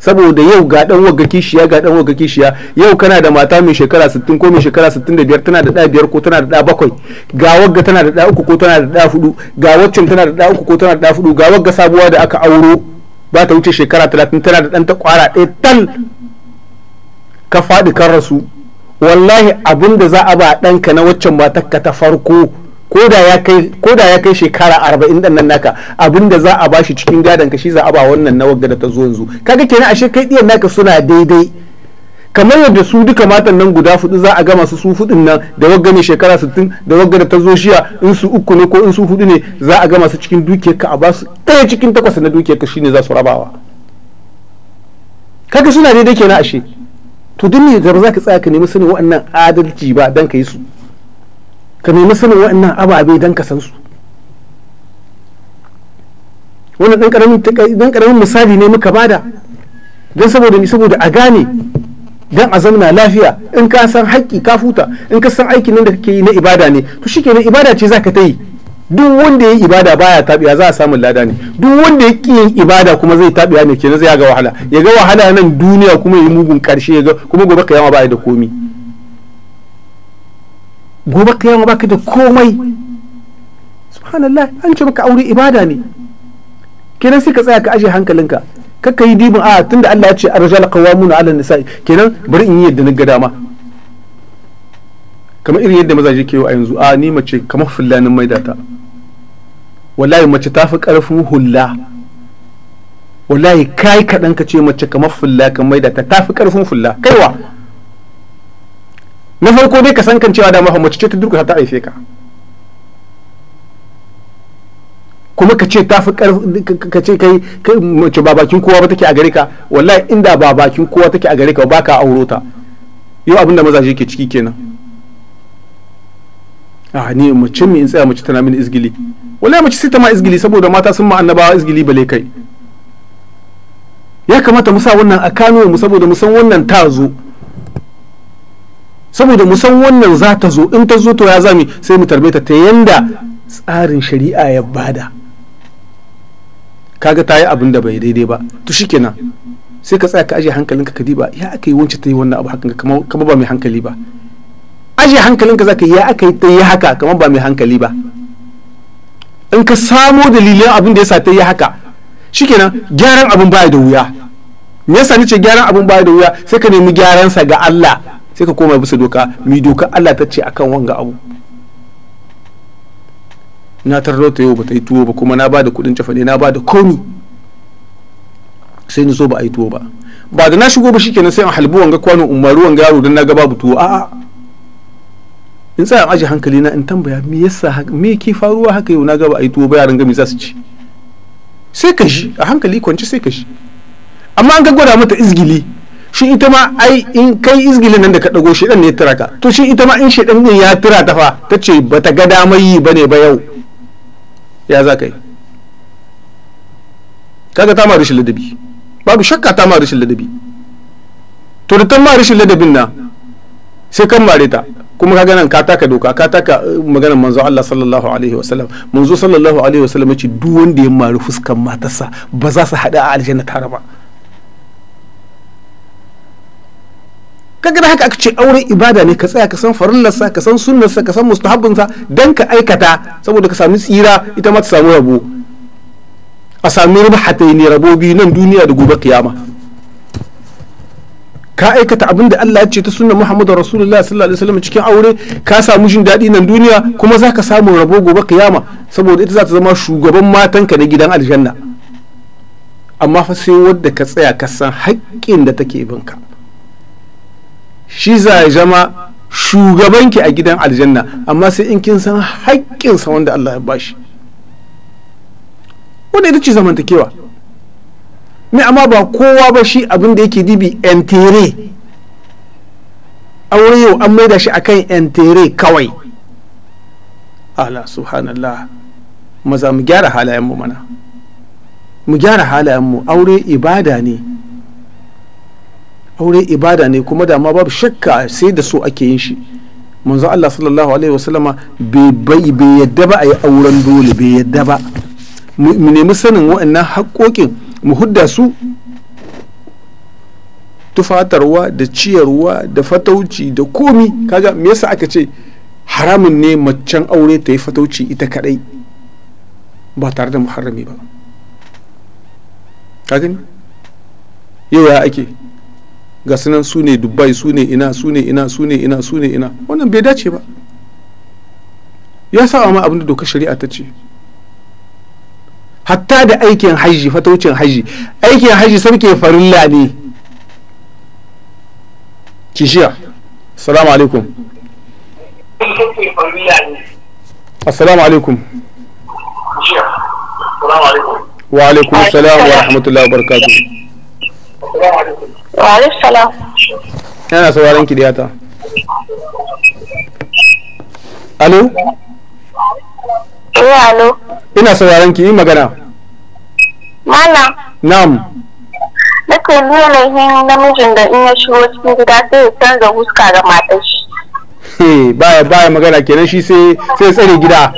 saboda yau ga dan waga kishiya ga dan waga kishiya yau kana da mata mai shekara 60 ko mai shekara 65 tana da da biyar ko tana da da bakwai ga wagga tana da da uku ko tana da da hudu ga waccan tana da da uku ko tana da da hudu ga wagga sabuwa da aka auro ba ta wuce shekara 30 tana da dan ta kwara ɗaya tal ka faɗi kan rasu wallahi abin da za a ba ɗanka na waccan matakka ta farko ko da ya kai shekara arba'in dan nan naka abinda za a bashi cikin gadon ka shi za a ba wannan na wagga da ta zo yanzu kaga kenan ashe kai diyan naka suna daidai kamar yadda su duka matan nan guda fudu za a gama su su fudun nan da wagga ne shekara 60 da wagga da ta zo shiya in su uku ne ko in su fudu ne za a gama su cikin dukiyar ka a ba su ɗaya cikin takwas na dukiyar ka shine za su rabawa kaga suna daidai kenan ashe to duk ne da ba za ka tsaya ka nemi sanin wa'annan adalci ba dan ka yi su ka nemi sanin wannan ababe don ka san su wannan ɗan ƙaramin misali ne muka bada don saboda ni saboda a gane don a zamana lafiya in ka san haƙƙi ka futa in ka san aikin nan da kake yi na ibada ne to shikenan ibada ce zaka ta yi duk wanda ya yi ibada baya tabiya za a samu lada ne duk wanda ya ƙi yin ibada kuma zai tabiya ne kenan zai ga wahala ya ga wahala nan duniya kuma ya yi mugun karshe ya ga kuma gobe yawa ba da komi gobe kiyama baka da komai subhanallah an ce maka aure ibada ne kenan sai ka tsaya ka aje hankalinka ka yi dibin a ah, tunda Allah ya ce arjal qawamuna ala nisa'i kenan bari in yi yadda na ga dama kamar irin yadda mazaje ke yi a yanzu a ah, ni mace kamar fullanin maidata wallahi mace ta fi karfin hulla wallahi kai kaɗan ka ce mace kamar fulla kan maidata ta fi karfin fulla kaiwa na farko dai ka san kan cewa dama mace ce ta durkusa ta haife ka kuma ka ce tafi ka ce kai mace ba bakin kowa ba take a gare ka wallahi inda ba bakin kowa take a gare ka ba ka auro ta yau abin da mazaje ke ciki kenan a ah, ni mace mai in tsaya mace tana mini izgili wallahi mace sai ta ma izgili saboda mata sun ma annabawa izgili bale kai ya kamata mu sa wannan a kano mu saboda mu san wannan ta zo saboda mu san wannan za ta zo in ta zo to ya zami sai mu tarbe ta ta yanda tsarin shari'a ya bada kaga ta yi abin da bai daidai ba to shikenan sai ka tsaya ka aje hankalinka ka diba ya aka yi wance ta yi wannan abu hakan kamar ba mai hankali ba aje hankalinka zaka ya aka yi ta yi haka kamar ba mai hankali ba in ka samo dalilin abin da ya sa ta yi haka shikenan gyaran abin baya da wuya me yasa nace gyaran abin baya da wuya sai ka nemi gyaran sa ga Allah sai ka koma bisa doka mai doka Allah ta ce akan wanga abu na tarro ta yau ba ta yi tuwo ba kuma na bada kudin cefane na bada komi sai ni zo ba a yi tuwo ba ba da na shigo ba shikenan sai an halbu wanga kwano umaru wanga yaro dan na ga babu tuwo a'a in tsaya aji hankali na in tambaya me yasa me ke faruwa haka yau na ga ba a yi tuwo ba yaran gami za su ci sai ka shi a hankali kwanci sai ka shi amma an ga gwada mata izgili shi ita ma ai in kai izgilin nan da ka dago shedan ne tira ka to shi ita ma in shedan din ya tira ta fa ta ce ta ga damar yi bane ba yau ya za ka yi kaga ta ma rashin ladabi babu shakka ta ma rashin ladabi to da ta ma rashin ladabin na sai kan mare ta kuma kaga nan ka taka doka ka taka eh, maganar manzo Allah sallallahu alaihi wasallam manzo sallallahu alaihi wasallam ya ce duk wanda ya mari fuskan matarsa ba za su hada a aljanna tare ba kaga haka aka ce aure ibada ne ka tsaya ka san farillarsa ka san sunnarsa ka san mustahabbinsa dan ka aikata saboda ka sami tsira ita ma ta samu rabo a sami rabahatai ne rabobi nan duniya da gobe kiyama ka aikata abin da Allah ya ce ta sunna Muhammadu Rasulullahi sallallahu alaihi wasallam cikin aure ka samu jin daɗi nan duniya kuma za ka samu rabo gobe kiyama saboda ita za ta zama shugaban matanka na gidan aljanna amma fa sai wadda ka tsaya ka san haƙƙin da take binka shi za ya zama shugabanki a gidan aljanna amma sai in kin san haƙƙinsa wanda Allah ya bashi wanda ita ce zamantakewa ne amma ba kowa ba shi abin da yake dibi entere aure yau an maida shi akan entere kawai ala subhanallah maza mu gyara halayenmu mana mu gyara halayenmu aure ibada ne aure ibada ne kuma da ma babu shakka sai da so ake yin shi manzo Allah sallallahu alaihi wasallama bai bai yadda ba ayi auren dole bai yadda ba mu nemi sanin waɗannan haƙoƙin mu hudda su tufatarwa da ciyarwa da fatauci da komi kaga me yasa aka ce haramun ne macen aure ta yi fatauci ita kadai ba tare da muharrami ba kaga ne yau ya ake ga sunan su ne dubai su ne ina su ne ina su ne ina su ne ina wannan bai dace ba ya sa ma abin da doka shari'a ta ce hatta da aikin hajji fataucin hajji aikin hajji sarki farilla ne kishiya assalamu alaikum assalamu alaikum wa alaikum salam wa rahmatullahi wa barakatuh Wa alaikum salam. Yana sauraron ki diyata. Alo? Eh alo. Ina sauraron ki yi magana. Mala. Na'am. Nake ni yanayin namijin da in ya shigo cikin gida sai ya canza huska ga matar shi. baya baya magana kenan shi sai sai tsare gida.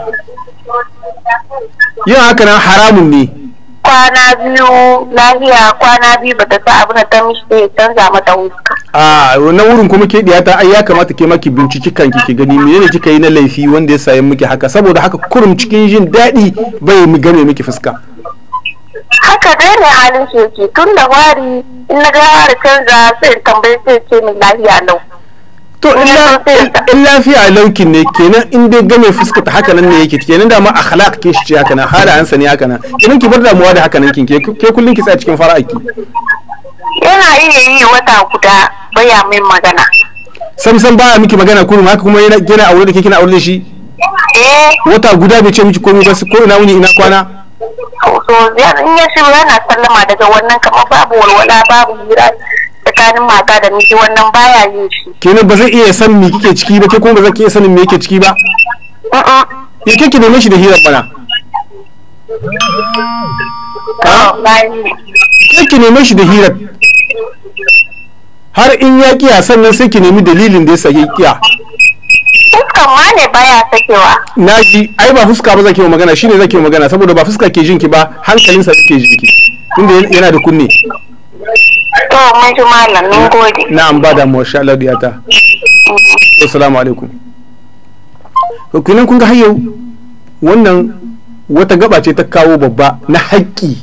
Yin haka nan haramun ne. kwana biyu lahiya kwana biyu bata sa abin na ta mishi sai canza mata wuka a wurin kuma ke ta ai ya kamata ke maki binciki kanki ki gani menene kika yi na laifi wanda ya sayi miki haka saboda haka kurum cikin jin daɗi bai mu game miki fuska. haka dai ne halin shi tun da wari in na ga wari canza sai tambaye sai ce min lahiya lau. to in lafiya laukin ne kenan in dai game fuskata haka nan ne yake kenan dama akhlaq ke shi haka nan an ne haka nan idan ki bar damuwa da haka nan kin ke kullun ki tsaya cikin fara'aki yana iya yi wata guda baya min magana sam baya miki magana kurum haka kuma yana aure da ke kina aure da shi eh. wata guda bai ce miki komai ba ko ina wuni ina kwana so in ya shi yana sallama daga wannan kamar babu walwala babu hira tsakanin mata da miji wannan baya yin shi kenan ba zai iya san me kike ciki ba ke kuma ba zai iya sanin me yake ciki ba a'a ya kike neman shi da hirar bana Ya ki neman shi da hirar. har in ya kiya sannan sai ki nemi dalilin da ya sake kiya fuskan ma ne baya sakewa na ji ai ba fuska ba zake magana shine zake magana saboda ba fuska ke jinki ba hankalinsa ke jinki tunda yana da kunne to mun ji malam mun gode na'am ba da mu sha Allah diyata assalamu alaikum hukunan kun ga har yau wannan wata gaba ce ta kawo babba na haƙƙi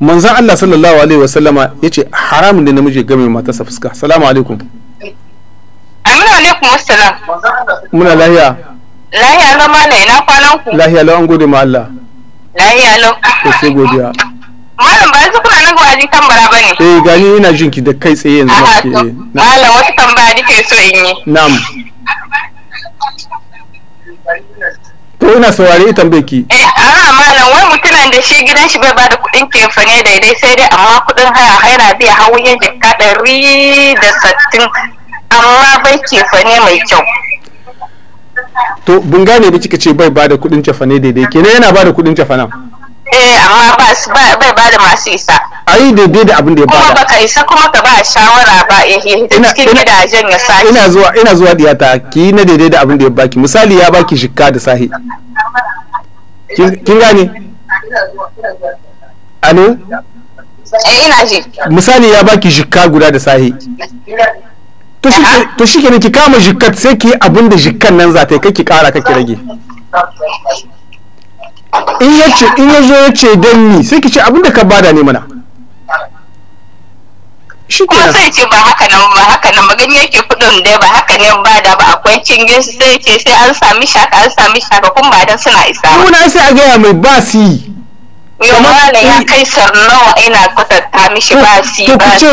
manzan Allah sallallahu alaihi wasallama ya ce haramun da namiji game matarsa fuska salamu alaikum amina alaikum wassalam muna lahiya lahiya lau mana ina kwanan ku lahiya lau an gode ma Allah lahiya lau to sai godiya Malam ba su kuna nan gwajin tambara ba ne. Eh gani ina jin ki da kai tsaye yanzu nake. Malam wasu tambaya nake so in yi. Na'am. To ina saurare tambaye ki. Eh A'a malam wai mutunan da shi gidan shi bai bada kuɗin ne daidai sai dai amma kuɗin haya haira biya hawo yin jikka ɗari da sattin amma bai ne mai kyau. To bunga ne da kika ce bai bada kuɗin kefane daidai kenan yana bada kuɗin nan eh amma ba su bai ba da masu isa ai daidai da abin da ya bada kuma baka isa kuma ka ba shawara ba eh, eh cikin gidajen ya sahi ina zuwa ina zuwa diyata ki na daidai da abin da ya baki misali ya baki shikka da sahi kin gane alo eh ina ji misali ya baki shikka guda da sahi to shi ki kama jikkat sai ki abin da jikkan nan za ta yi kake kara kake rage in ya ce in ya zo ya ce don ni sai ki ce abin da ka bada ne mana shi ke nan sai ce ba haka nan ba haka nan magani yake kudin dai ba haka ne ba da ba akwai cingin sai ce sai an sami shaka an sami shaka kun ba dan suna isa ba sai a gaya mai ba su yi Yomala ya kai nawa ina kwatanta mishi ba si ba si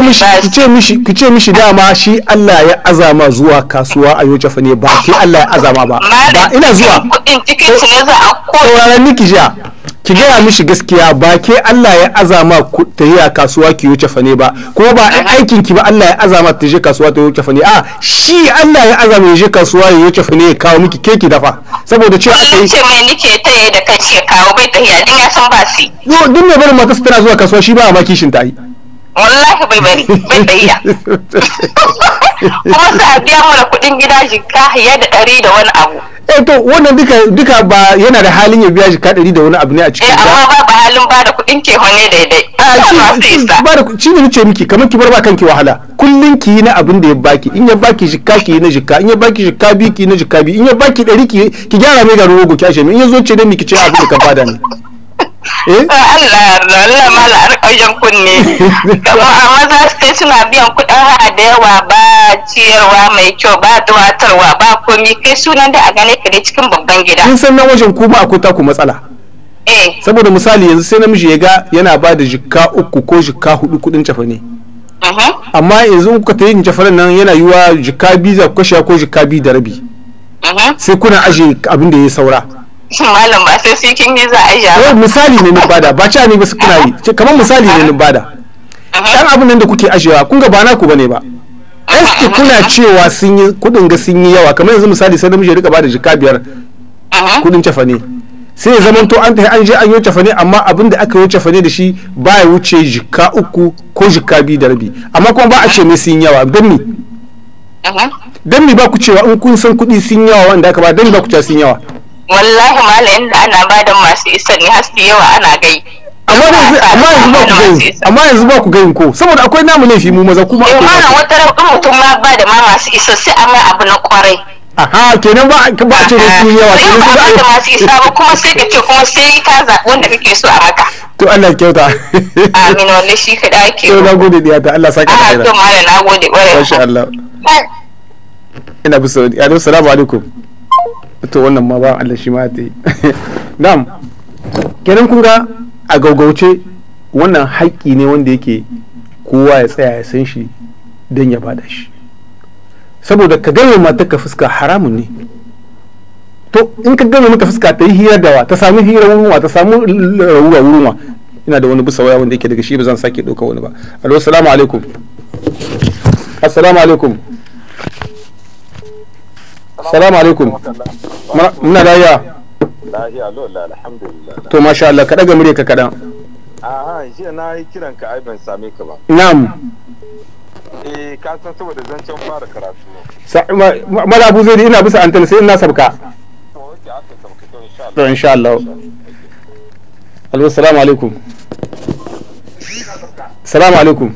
ba mishi dama shi Allah ya azama zuwa kasuwa a Yojafa ne ba shi Allah ya azama ba. Ba ina zuwa. Kuɗin tiket ne za a ko. Sauraron Niki ja. ki gaya mishi gaskiya ba ke Allah ya azama ku ta yi a kasuwa ki yi cafane ba kuma ba aikin ki ba Allah ya azama ta je kasuwa ta yi cafane a shi Allah ya azama ya je kasuwa ya yi cafane ya kawo miki ke ki dafa saboda cewa aka yi ce mai nike ta yi da kai ya kawo bai ta hiya din ya san ba si yo duk mai barin matarsa tana zuwa kasuwa shi ba a makishin ta yi wallahi bai bari bai ta hiya kuma sa biya mana kuɗin gida jika ya da ɗari da wani abu eh to wannan duka duka ba yana da halin ya biya jika ɗari da wani abu ne a cikin eh amma ba halin ba da kuɗin ke hone daidai a ah, shi ba da shi ne nace miki kamar ki bar ba kanki wahala kullun ki yi na abin da ya baki in ya baki jika ki yi na jika in ya baki jika bi ki yi na jika bi in ya baki ɗari ki gyara mai garin rogo ki ashe in ya zo ce da miki ce abin da ka bada ne Eh? Eh, Allah Allah mala an ƙauyen kunne amma za su kai suna biyan kuɗin haya da yawa ba ciyarwa mai kyau ba tuwatarwa ba komi kai sunan da a gane ka cikin babban gida kin san nan wajen kuma akwai taku matsala eh. saboda misali yanzu sai namiji ya ga yana ba da jikka uku ko jikka hudu kuɗin cafa ne mhm. amma yanzu kuka ta yin jafaran nan yana yiwa jikka biyu kashe ko jikka biyu da rabi mhm. sai kuna ajiye abin da ya saura malam ba sai sai kin yi za a yi ba eh, misali ne na bada ba ci ne ba su kuna yi kamar misali ne na bada dan abin nan da kuke ajiyewa kun ga ba naku bane ba eski kuna cewa sun yi kudin ga sun yi yawa kamar yanzu misali sai namiji ya rika bada jika biyar kudin cafa sai ya zama to an ta an je an yi cafa amma abin da aka yi cafa da shi ba ya wuce jika uku ko jika biyu da rabi amma kuma ba a ce mai sun yawa don mi don mi ba ku cewa in kun san kudi sun yawa wanda aka ba don mi ba ku cewa sun yawa wallahi malayin da ana ba da masu isar ne haske yawa ana gai amma yanzu ba ku gai amma yanzu ba ku gai ko saboda akwai namu laifi mu maza kuma eh, akwai namu wata rabin mutum ma ba da ma masu isa sai amma abu na kwarai aha kenan ba ba ce da su yawa kenan ba ba da masu isa ba kuma sai ka ce kuma sai ka zaɓi wanda kake so a maka to Allah kyauta amin wallahi shi ka da ake to na gode diya ta Allah saka da to malam na gode kwarai masha Allah ina bisa alaikum to wannan ma ba Allah shi ma ta yi na'am kenan kun ga a gaugauce wannan haƙƙi ne wanda yake kowa ya tsaya ya san shi don ya bada shi saboda ka gane mata ka fuska haramun ne to in ka gane mata fuska ta yi hira da wa ta sami hira wurin wa ta samu rawura wurwa ina da wani bisa waya wanda yake daga shi ba zan sake ɗauka wani ba alaikum assalamu alaikum salamu alaikum muna lafiya lafiya lola alhamdulillah to masha Allah ka ga murya ka kadan aha jiya na yi kiran ka ai ban same ka ba na'am eh ka san saboda zancen fara karatu mala abu zai ina bisa antal sai ina sabka to insha Allah alwa salamu alaikum salamu alaikum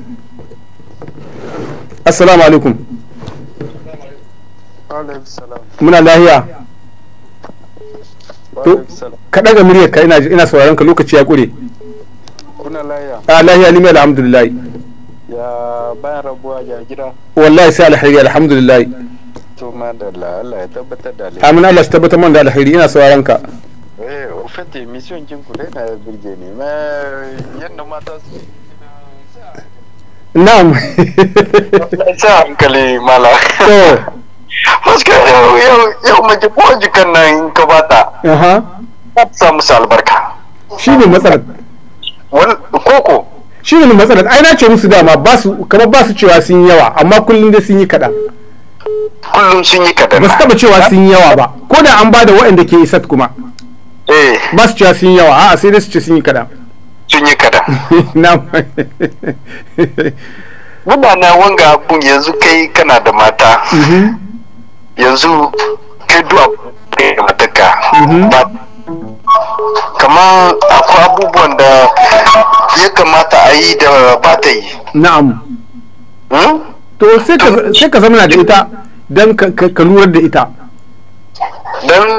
assalamu alaikum muna lahiya to ka ga muryar ka ina sauraron ka lokaci ya kure kuna lahiya a lahiya ni mai alhamdulillah ya bayan rabuwa ya gida wallahi sai alheri alhamdulillah to ma da Allah ya tabbatar da alheri amin Allah ya tabbatar man da alheri ina sauraron ka eh ofete mission kin ku dai na birge ne ma yanda mata su na'am sai hankali mala to haska yau yau mace ko jikan nan in ka bata ta samu su albarka shi ne matsalar koko shi ne matsalar ai na ce musu dama ba su kamar ba su cewa sun yawa amma kullum dai sun yi kaɗan kullum sun yi kaɗan ba su taɓa cewa sun yawa ba ko da an ba da waɗanda ke isat kuma eh. ba su cewa sun yawa a'a sai dai su ce sun yi kaɗan sun yi kaɗan na muna na wanga yanzu kai kana da mata mhm. yanzu kai duwa da mataka mhm. ba kamar akwai abubuwan da ya kamata a yi da ba ta yi na'am hmm? to sai ka zamana da ita don ka lura da ita don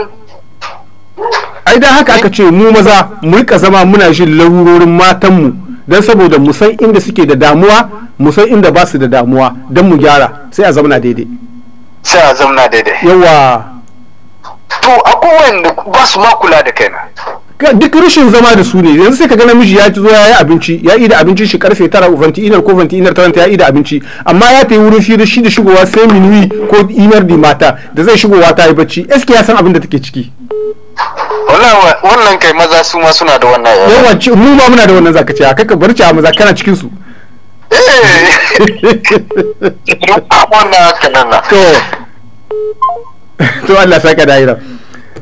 ai da haka aka ce mu maza mu rika zama muna jin larurorin matanmu don saboda mu san inda suke da damuwa mu san inda ba su da damuwa don mu gyara sai a zamana daidai sai a zamna daidai yawa to akwai da ba su ma kula da kaina duk rashin zama da su ne yanzu sai ka ga namiji ya zo ya yi abinci ya da abincin shi karfe tara vanti inar ko vanti inar taranta ya da abinci amma ya yi wurin shi da shi da shigowa sai minuwi ko inar di mata da zai shigowa ta yi bacci eske ya san abin da take ciki wannan kai maza su ma suna da wannan yawa mu ma muna da wannan zaka ce kaka barci a maza kana cikin su Eh. to Allah saka daira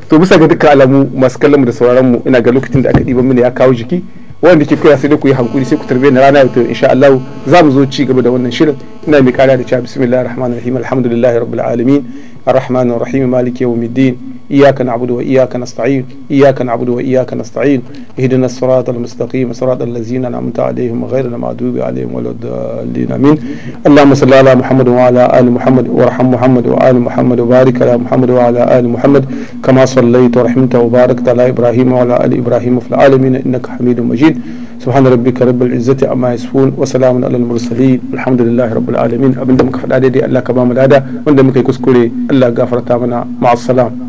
to bisa ga dukkan alamu masu kallon mu da sauraron mu ina ga lokacin da aka diba mini ya kawo jiki wanda ke kira sai da ku yi hankuri sai ku tarbe na rana to insha Allah za mu zo ci gaba da wannan shirin ina mai kara da cewa bismillahir rahmanir rahim alhamdulillahi rabbil alamin arrahmanir rahim maliki yawmiddin إياك نعبد وإياك نستعين إياك نعبد وإياك نستعين اهدنا الصراط المستقيم صراط الذين أنعمت عليهم غير المغضوب عليهم ولا الضالين آمين اللهم صل على محمد وعلى آل محمد وارحم محمد وآل محمد وبارك على محمد وعلى آل محمد كما صليت ورحمت وباركت على إبراهيم وعلى آل إبراهيم في العالمين إنك حميد مجيد سبحان ربك رب العزة عما يصفون وسلام على المرسلين الحمد لله رب العالمين أبدا مكفر عليه الله كبام الأداء وندمك يكسكري الله غفرت مع السلام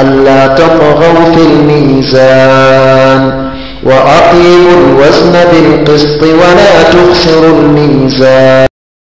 ألا تطغوا في الميزان وأقيموا الوزن بالقسط ولا تخسروا الميزان